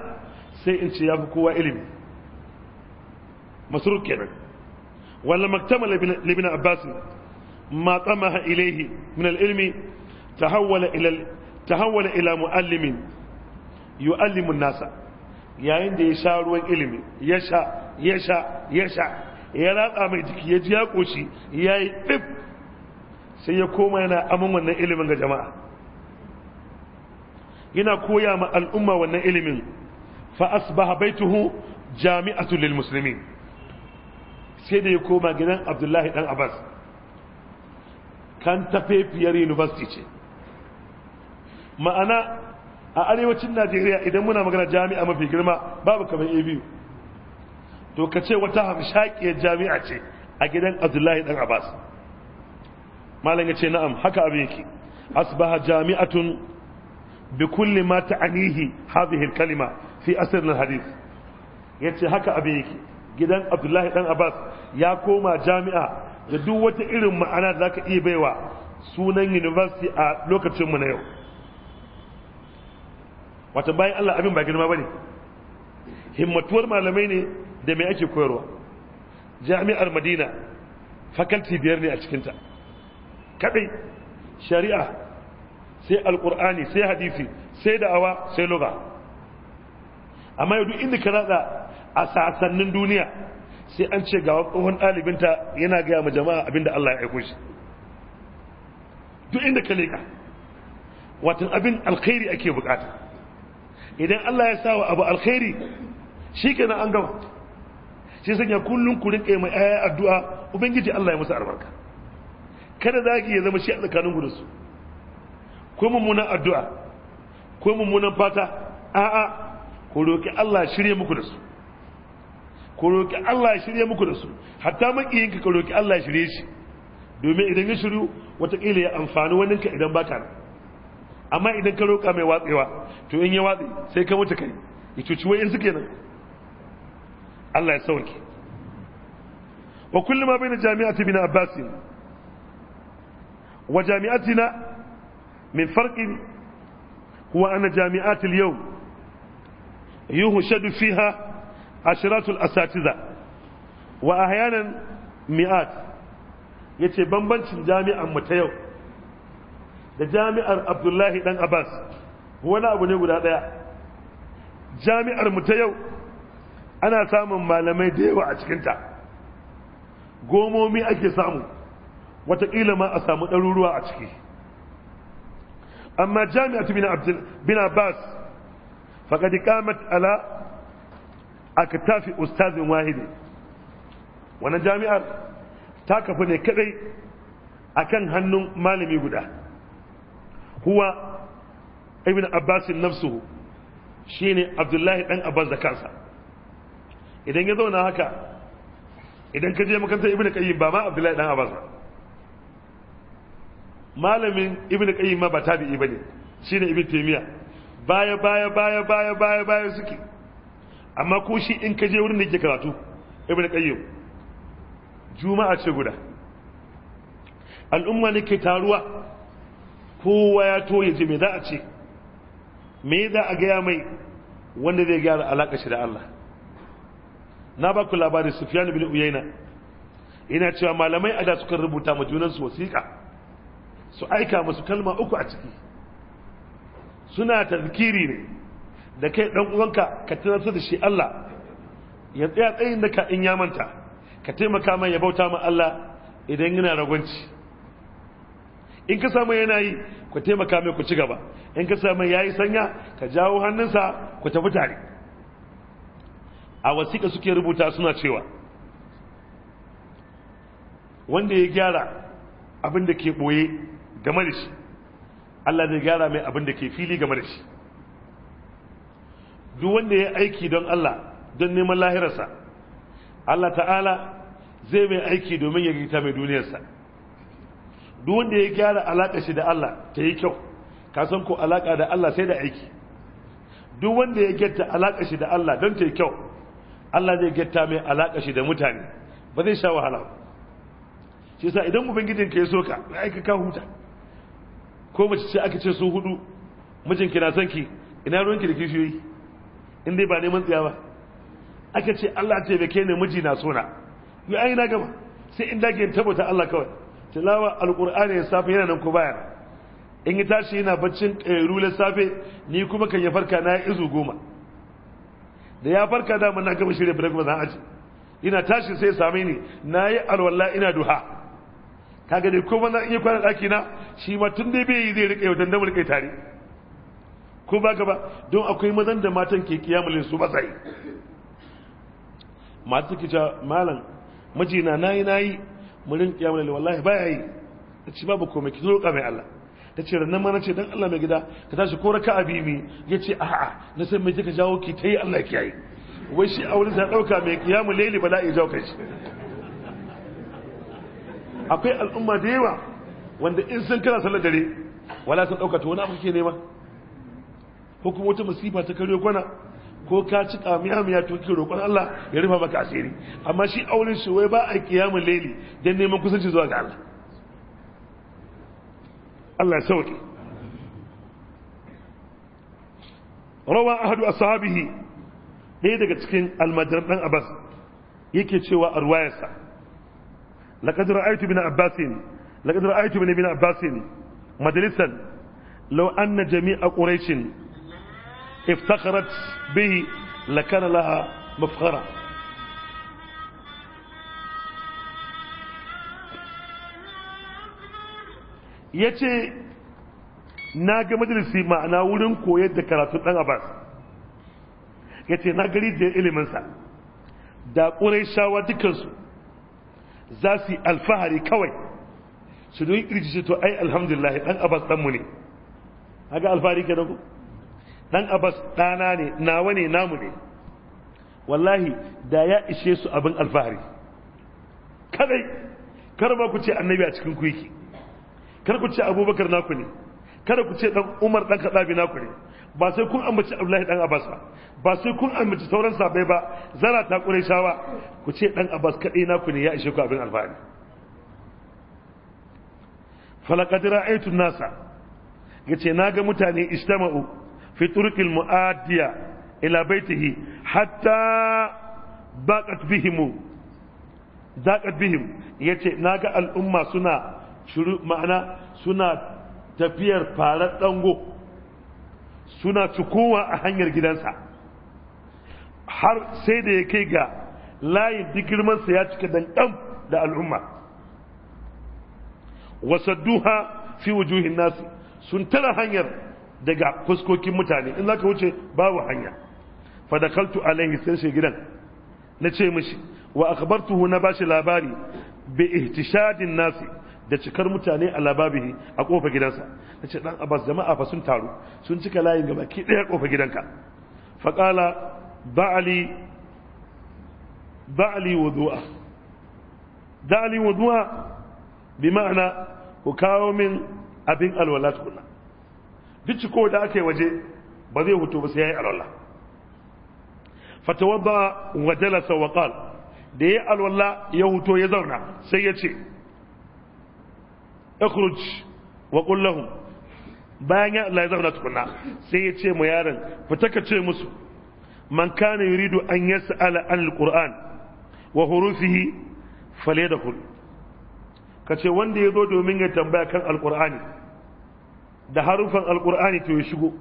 sai in ci yafi kowa ilimi masruq kenan wala maktama libn abbas ma tsamaha ilayhi min al-ilmi tahawwala ila ila muallimin nasa yayin da ya sha ruwan ilimi ya sha ya sha ya sha ratsa mai jiki ya ji ya koshi ya yi ɗif sai ya koma yana amin wannan ilimin ga jama'a yana koya ma al'umma wannan ilimin fa asbaha baituhu jami'atu lil muslimin sai da ya koma gidan abdullahi ɗan abbas kan tafefiyar university ce ma'ana a arewacin najeriya idan muna magana jami'a mafi girma babu kamar ab to ka ce wata hamshakiyar jami'a ce a gidan abdullahi dan abbas malam ya ce na'am haka abin yake asbaha jami'atun بكل ما تعنيه هذه الكلمة في أسرنا الحديث yace haka abin yake gidan abdullahi dan abbas ya koma jami'a da duk wata irin ma'ana da zaka iya baiwa sunan university a lokacinmu na yau wata bayan Allah abin ba girma bane himmatuwar malamai ne da me ake koyarwa jami'ar madina fakalti biyar ne a cikinta kadai shari'a sai alkur'ani sai hadisi sai da'awa sai luga amma yau inda ka ratsa a sasannin duniya sai an ce ga tsohon ɗalibinta yana gaya ma jama'a abinda Allah ya aiko shi duk inda ka leka watan abin alkhairi ake bukata idan Allah ya sa wa abu alkhairi shi kenan an gama shi sanya kullum ku rike mai ayyar addu'a ubangiji Allah ya musu albarka kada zagi ya zama shi a tsakanin su. ko mummunan addu'a ko mummunan fata a'a ko roki Allah shirye muku da su ko roki Allah shirye muku da su hatta makiyinka ka roki Allah shirye shi domin idan ya shiru watakila ya amfani wannan ka idan baka amma idan ka roƙa mai watsewa to in ya watsi sai ka mutu kai ya cuci wa'in suke nan Allah ya sauke wa kullum abin da jami'ati bin abbasin wa jami'atina min farqin kuwa ana jami'atul yau yuhshadu fiha ashratul asatiza wa ahyanan ya ce bambancin jami'ar mu ta yau da jami'ar Abdullahi dan Abbas wani abu ne guda ɗaya. jami'ar mu ta yau ana samun malamai da yawa a cikinta gomomi ake samu Wataƙila ma a samu ɗaruruwa a ciki أما جامعة بن, عبد بن عباس فقد قامت على أكتاف أستاذ واحد وانا جامعة تاكفني كذي أكن هنم مالمي قدا هو ابن عباس نفسه shine abdullahi dan abbas da kansa idan ya zauna haka idan ka je makarantar ibnu qayyim ba ma abdullahi dan malamin ibnu qayyim ma ba tabi'i bane shine ibnu taymiya baya baya baya baya baya baya suke amma ko shi in ka je wurin da yake karatu ibnu qayyim juma'a ce guda al'umma ne ke taruwa kowa ya to ya je me za a ce me za a gaya mai wanda zai gyara alaƙa shi da Allah na ba ku labarin Sufyan bin Uyayna ina cewa malamai a da suka rubuta ma su wasiƙa su aika masu kalma uku a ciki suna tazkiri ne da kai dan uwanka ka tunatar da shi Allah ya tsaya tsayin da ka in ya manta ka taimaka mai ya bauta ma Allah idan yana ragwanci in ka samu yana yi ku taimaka mai ku ci gaba in ka samu ya yi sanya ka jawo hannunsa ku tafi tare a wasiƙa suke rubuta suna cewa wanda ya gyara abin da ke ɓoye game da shi Allah zai gyara mai abin da ke fili game da shi duk wanda ya aiki don Allah don neman lahirarsa Allah ta'ala zai mai aiki domin ya gita mai duniyarsa duk wanda ya gyara alaƙa shi da Allah ta yi kyau kasan ko alaƙa da Allah sai da aiki duk wanda ya gyatta alaƙa shi da Allah don ta yi kyau Allah zai gyatta mai alaƙa shi da mutane ba zai sha wahala shi sa idan ubangijinka ya so ka aika ka huta ko mace ce aka ce su hudu mijinki na sanki ki ina ruwanki da kishiyoyi in dai ba neman tsaya ba aka ce Allah ce bai kai ne miji na sona yo ai na gama sai in dage tabbata Allah kawai tilawa alqur'ani safi yana nan ko baya in yi tashi yana baccin rular safe ni kuma kan ya farka na izu goma da ya farka da na gama shirya za a aji ina tashi sai same ni na yi alwala ina duha ka gani ko ban iya kwana daki na shi ma tun dai bai yi zai rike yau dan da mulkai tare ko ba gaba don akwai mazan da matan ke kiyamulin su ba sai mata take ta malam na nayi nayi murin kiyamul wallahi yayi yi tace babu komai ki roƙa mai Allah ta ce ranan ma na ce dan Allah mai gida ka tashi ko raka abi mi ya ce a'a na san mai kika jawo ki ta yi Allah ki yayi wai shi aure sa dauka mai kiyamu laili bala'i jawo kai shi akwai al'umma da yawa wanda in sun kana sallar dare wala sun dauka to wani abu kake nema ko kuma wata ta karyo kwana ko ka ci kamiya miya to kike roƙon Allah ya rufa maka asiri amma shi aure shi wai ba a kiyamul laili dan neman kusanci zuwa ga Allah Allah ya sauke rawa ahadu ashabihi ɗaya daga cikin almajiran ɗan abbas yake cewa a ruwayarsa لقد رأيت ابن عباس لقد رأيت ابن ابن عباس مجلسا لو أن جميع قريش افتخرت به لكان لها مفخرة yace na ga majalisi ma'ana wurin koyar da karatun ɗan abbas yace na gari da iliminsa da ƙurai shawa dukansu za su yi alfahari kawai su don kirji to ai alhamdulillah dan abbas danmu ne haka alfahari ke ku dan abbas dana ne nawa ne namu ne wallahi da ya ishe su abin alfahari kadai kar ma ku ce annabi a cikin ku yake kar ku ce abubakar naku ne kada ku ce ɗan umar dan kadabi naku ne ba sai kun ambaci Abdullahi dan Abbas ba ba sai kun ambaci sauran sabai ba zara ta shawa, ku ce dan Abbas kadai na ku ne ya ishe ku abin alfahari falaqad ra'aytu an-nasa yace naga mutane istama'u fi turqil mu'adiya ila baitihi hatta baqat bihim zaqat bihim yace naga al'umma suna shuru ma'ana suna tafiyar farar dango suna cikowa a hanyar gidansa har sai da ya kai ga layin digirmansa ya cika dankan da al'umma wasadduha fi wujuhin nasi sun tara hanyar daga fuskokin mutane in zaka wuce babu hanya fadakaltu alaihi sai shi gidan na ce mishi wa akhbartuhu na bashi labari bi ihtishadin nasi da cikar mutane a lababihi a kofa gidansa da ce dan abbas jama'a fa sun taru sun cika layin gaba ki ɗaya kofa gidanka faƙala ba'ali ba'ali wudu'a da'ali wudu'a bi ma'ana ku kawo min abin alwala tukuna duk ciko da aka yi waje ba zai hutu ba sai ya yi alwala fatawadda wa jalasa wa qala da ya alwala ya huto ya zauna sai ya ce ikhruj wa qul lahum bayan ya Allah ya zauna tukunna sai ya ce mu yaron fita ka ce musu man kana yuridu an yas'ala an alquran wa hurufihi falyadkhul ka ce wanda ya zo domin ya tambaya kan alqur'ani da harufan alqur'ani to ya shigo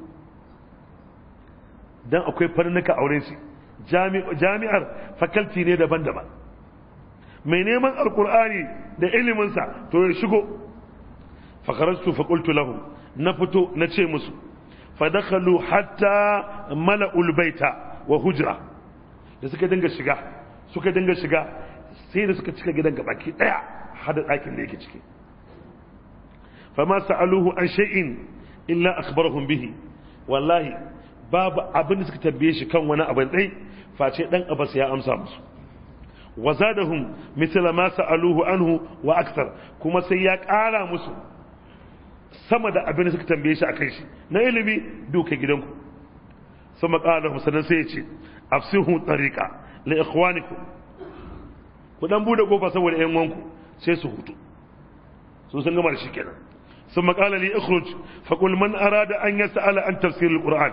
dan akwai farnuka aure shi jami'ar fakalti ne daban-daban mai neman alkur'ani da iliminsa to ya shigo fakarastu faƙultu lahum na fito na ce musu fadakalu hatta mala'ul baita wa hujra da suka dinga shiga suka dinga shiga sai da suka cika gidan gabaki ɗaya hada ɗakin da yake ciki fama sa'aluhu an shay'in illa akhbarahum bihi wallahi babu abin da suka tambaye shi kan wani abin dai face ɗan abbas ya amsa musu wazadahum mithla ma sa'aluhu anhu wa aksar kuma sai ya ƙara musu sama da abin da suka tambaye shi kai shi na ilimi duka gidanku sama qala husanan sai ya ce afsihu tariqa li ikhwanikum ku dan bude kofa saboda ƴan uwanku sai su hutu sun sun gama da shi kenan ثم قال لي اخرج an من أراد أن يسأل عن تفسير القرآن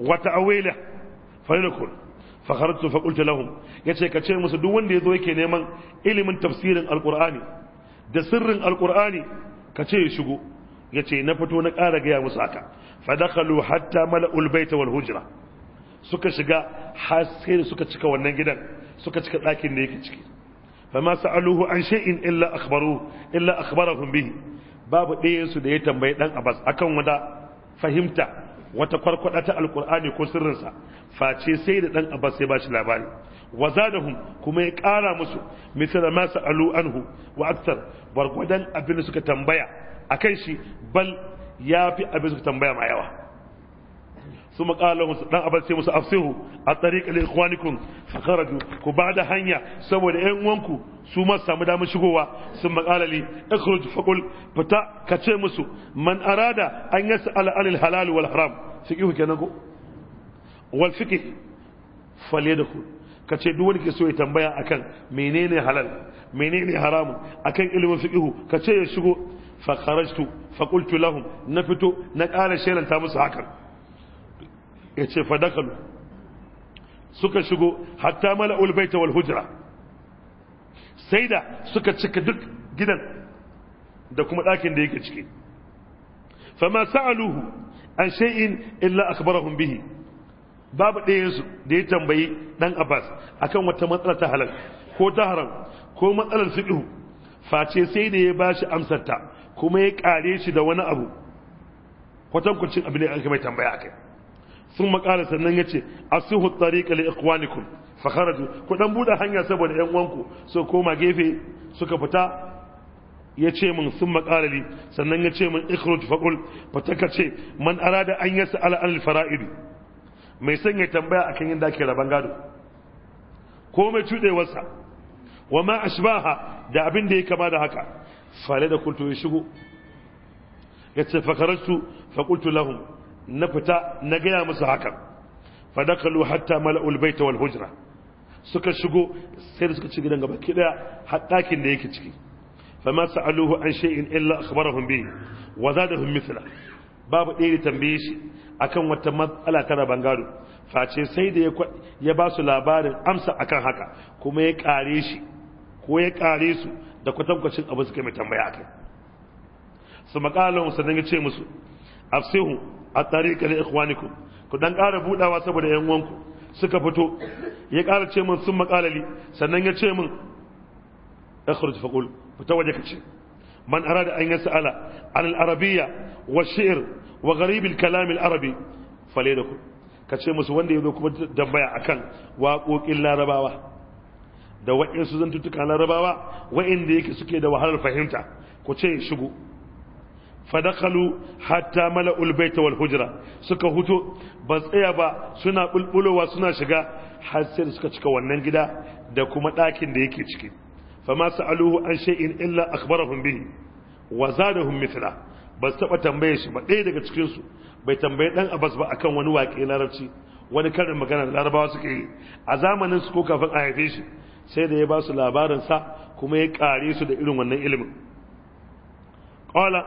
وتأويله فليكن فخرجت فقلت لهم yace ka ce musu duk wanda yazo yake neman ilimin tafsirin alqur'ani da sirrin alqur'ani ka ce ya shigo yace na fito na ƙara gaya musu haka fadakalu hatta mala'ul baita wal hujra suka shiga har sai da suka cika wannan gidan suka cika ɗakin da yake ciki fama sa'aluhu an shay'in illa akhbaru illa akhbarahum bihi babu ɗayan su da ya tambayi dan Abbas akan wanda fahimta wata kwarkwada ta alqur'ani ko sirrin sa face sai da dan Abbas sai shi labari wazadahum kuma ya ƙara musu misala ma sa'alu anhu wa aktar bargwadan abin da suka tambaya a kan shi bal ya fi abin su tambaya ma yawa su makalar musu dan abal sai musu afsihu a tsariƙa da ikhwanikun kharaju ku ba da hanya saboda yan uwanku su ma samu damar shigowa sun makalar li ikhruj faqul fita ka ce musu man arada an yas'ala alil halal wal haram fiqhu kenan ko wal fiqh falyadkhul ka ce duk wani ke so ya tambaya akan menene halal menene haramun akan ilimin fiqhu ka ce ya shigo fa kharajtu fa na fito na ƙara shelanta musu hakan yace fa dakalu suka shigo hatta mala'ul baita wal hujra sai da suka cika duk gidan da kuma ɗakin da yake ciki fama sa'aluhu an shai'in illa akhbarahum bihi babu ɗayansu da ya tambayi ɗan Abbas akan wata matsala ta halal ko ta haram ko matsalar fiɗihu face sai da ya bashi amsar ta kuma ya kare shi da wani abu kwatankwacin abin da aka mai tambaya a kai sun makala sannan ya ce a suhu tsarika li ikwanikum fakharaju ku dan buɗe hanya saboda yan uwanku su koma gefe suka fita ya ce min sun makala li sannan ya ce min ikhruj faqul fataka ce man arada an yasa ala al mai son ya tambaya akan yadda ake raban gado ko mai cudewarsa wa ma ashbaha da abin da ya kama da haka fale da kultu ya shigo ya ce fakararsu fakultu lahum na fita na gaya musu hakan fadakalu hatta mala'ul baita wal hujra suka shigo sai da suka ci gidan gaba kidaya haɗakin da yake ciki fama sa'aluhu an shay'in illa akhbarahum bihi wa zadahum mithla babu ɗaya da tambaye shi akan wata matsala ta raban gado face sai da ya ba su labarin amsa akan haka kuma ya kare shi ko ya kare su da kwatankwacin abu suka mai tambaya akai su makalan su ya ce musu afsihu a ka da ikhwanikum ku dan ƙara buɗawa saboda yan uwanku suka fito ya ƙara ce min sun makalali sannan ya ce min ikhruj faqul fita waje kace man arada an yas'ala an al-arabiyya wa shi'r wa gharib al-kalam al-arabi fale da ku kace musu wanda yazo kuma tambaya akan waƙoƙin larabawa da waɗansu zantuttuka larabawa waɗanda yake suke da wahalar fahimta ku ce shigo fadakalu hatta mala ulbaita wal hujra suka huto ba tsaya ba suna bulbulowa suna shiga har sai suka cika wannan gida da kuma ɗakin da yake ciki fama sa'aluhu an shay'in illa akhbarahum bihi wa zadahum mithla ba su taba tambaye shi ba ɗaya daga cikin su bai tambaye dan abas ba akan wani waƙe larabci wani karin magana larabawa suke yi a zamanin su ko kafin a haife shi sai da ya ba su labarinsa kuma ya kare su da irin wannan ilimin ƙwala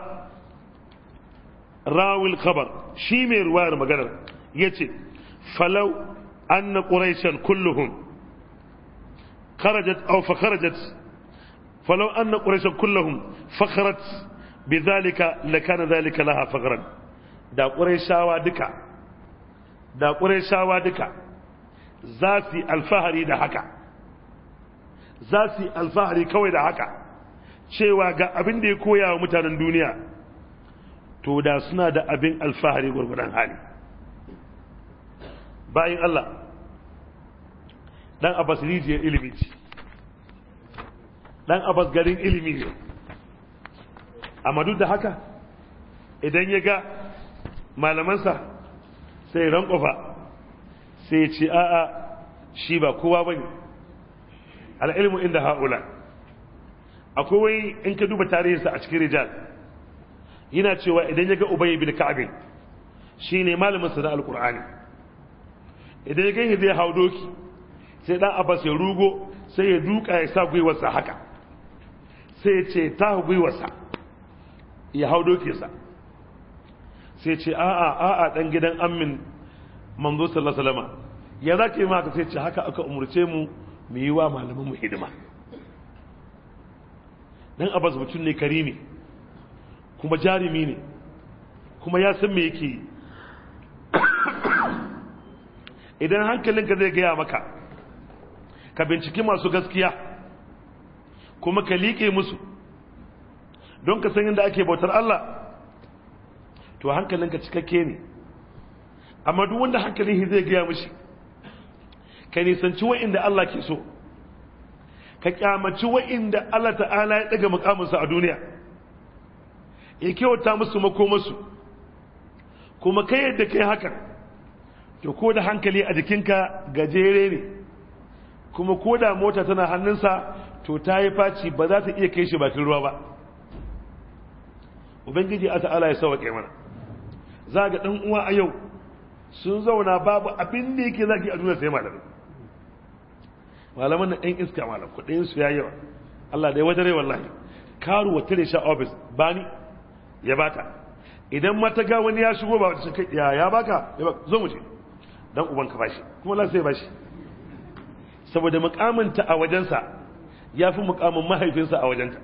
rawil khabar shi mai ruwayar maganar ya ce falau an na ƙuraishen kulluhun kharajat au fakharajat falau an na ƙuraishen kulluhun fakharat bi zalika lakana zalika laha fakhran da ƙuraishawa duka da ƙuraishawa duka za su yi alfahari da haka za su alfahari kawai da haka cewa ga abin da ya koya wa mutanen duniya to da suna da abin alfahari gwargwadon hali bayan Allah dan abbas rijiyar ilimi ce dan abbas garin ilimi ne amma duk da haka idan ya ga malamansa sai rankofa sai ce a'a shi ba kowa bane al'ilmu inda ha'ula akwai wai in ka duba tarihinsa a cikin rijal yana cewa idan ya ga ubayi bin ka'abin shi ne malaminsa na alkur'ani idan ya gani zai hau doki sai dan abas ya rugo sai ya duka ya sa gwiwarsa haka sai ya ce ta gwiwarsa ya hau dokinsa sai ce a'a a'a dan gidan amin manzo sallallahu alaihi wasallam ya zake ma ka sai ce haka aka umurce mu mu yi wa mu hidima dan abas mutum ne karimi kuma jarumi ne kuma ya san me yake yi idan hankalinka zai gaya maka ka binciki masu gaskiya kuma ka liƙe musu don ka san yadda ake bautar Allah to hankalinka cikakke ne amma duk wanda hankalin zai gaya mushi. ka nisanci wa'inda Allah ke so ka kyamaci wa'inda Allah ta'ala ya daga mukaminsa a duniya ya kyauta musu makomarsu kuma kai yadda kai hakan to ko da hankali a jikinka gajere ne kuma ko da mota tana hannunsa to ta yi faci ba za ta iya kai shi bakin ruwa ba ubangiji a ta'ala ya sauwaƙe mana za ga ɗan uwa a yau sun zauna babu abin da yake zagi a duniya sai malami malaman nan ɗan iska malam kuɗin su ya yi yawa Allah dai wajare wallahi karu wa tare sha ba bani ya bata idan mata ga wani ya shigo ba shi kai ya baka ya baka zo mu je dan uban ka bashi kuma Allah sai bashi saboda mukamanta a wajensa ya fi mukamin mahaifinsa a wajenta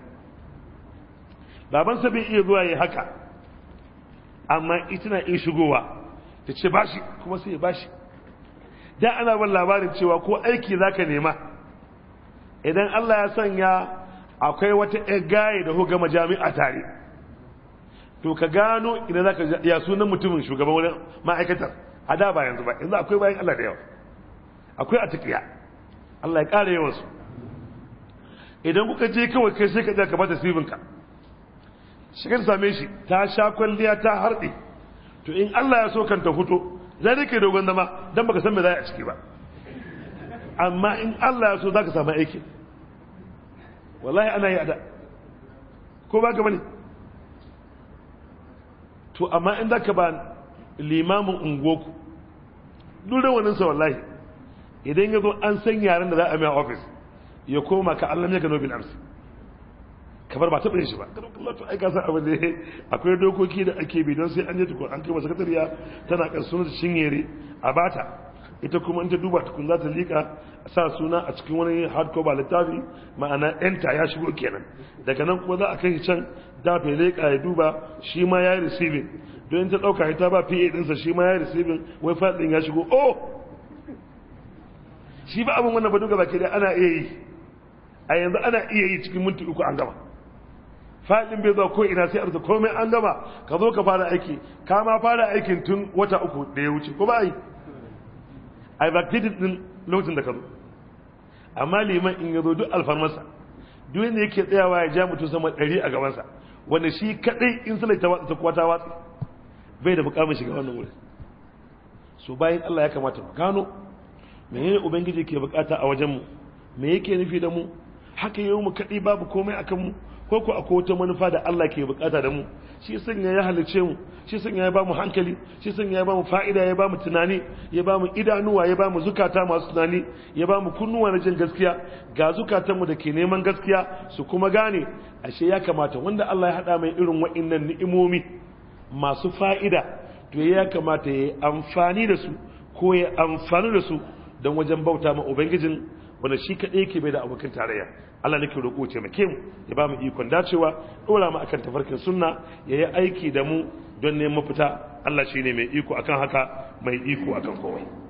babansa bai iya zuwa ya haka amma ita na iya shigowa ta ce bashi kuma sai ya bashi da ana ban labarin cewa ko aiki za ka nema idan Allah ya sanya akwai wata ƴar gaye da huga a tare to ka gano idan ka ya sunan mutumin shugaban wani ma'aikatar a da ba yanzu ba yanzu akwai bayan Allah da yawa akwai a tukiya Allah ya ƙara yawansu idan kuka je kawai kai sai ka je ka bata sibinka shi kan same shi ta sha kwalliya ta harɗe to in Allah ya so kan ta fito zai kai dogon zama don baka san me za a ciki ba amma in Allah ya so za ka samu aiki wallahi ana yi ada ko ba ka bane to amma in za ka ba limamin ungoku dole waninsa wallahi idan ya zo an san yaren da za a mai ofis ya koma ka Allah ne ka nobin amsa kamar ba taɓa shi ba kar kuma to aika sa abu ne akwai dokoki da ake bi don sai an je tukun an kai sakatariya tana kan sunan shinyere a bata ita kuma in ta duba tukun za ta lika sa suna a cikin wani hardcover littafi ma'ana enter ya shigo kenan daga nan kuma za a kai can dafe leƙa ya duba shi ma ya yi receiving don in ta ɗauka ita ba pa ɗinsa shi ma ya yi receiving wai faɗin ya shigo oh shi ba abin wannan ba duka baki da ana iya yi a yanzu ana iya yi cikin minti uku an gama fadin bai zo ko ina sai arzu komai an gama ka zo ka fara aiki ka ma fara aikin tun wata uku da ya wuce ko ba yi a evacuated din lokacin da ka zo amma liman in ya zo duk alfarmarsa duk ne yake tsayawa ya ja mutu sama ɗari a gabansa wanda shi kaɗai in sulai ta watsa ta kwata watsa bai da bukamin shiga wannan wurin so bayan Allah ya kamata mu gano menene ubangiji ke bukata a wajen mu me yake nufi da mu haka yau mu kaɗai babu komai akan mu ko ku akwai wata manufa da Allah ke bukata da mu shi sun ya halice mu shi sun ya ba mu hankali shi sun ya ba mu fa'ida ya ba mu tunani ya ba mu idanuwa ya ba mu zukata masu tunani ya ba mu kunnuwa na jin gaskiya ga zukatan mu da ke neman gaskiya su kuma gane ashe ya kamata wanda Allah ya haɗa mai irin wa'annan ni'imomi masu fa'ida to ya kamata ya amfani da su ko ya amfani da su don wajen bauta ma ubangijin wanda shi kaɗai ke bai da abokin tarayya Allah nake roƙo taimake mu ya ba mu ikon dacewa dora mu akan tafarkin sunna ya yi aiki da mu don neman mafita Allah shine mai iko akan haka mai iko akan kowai.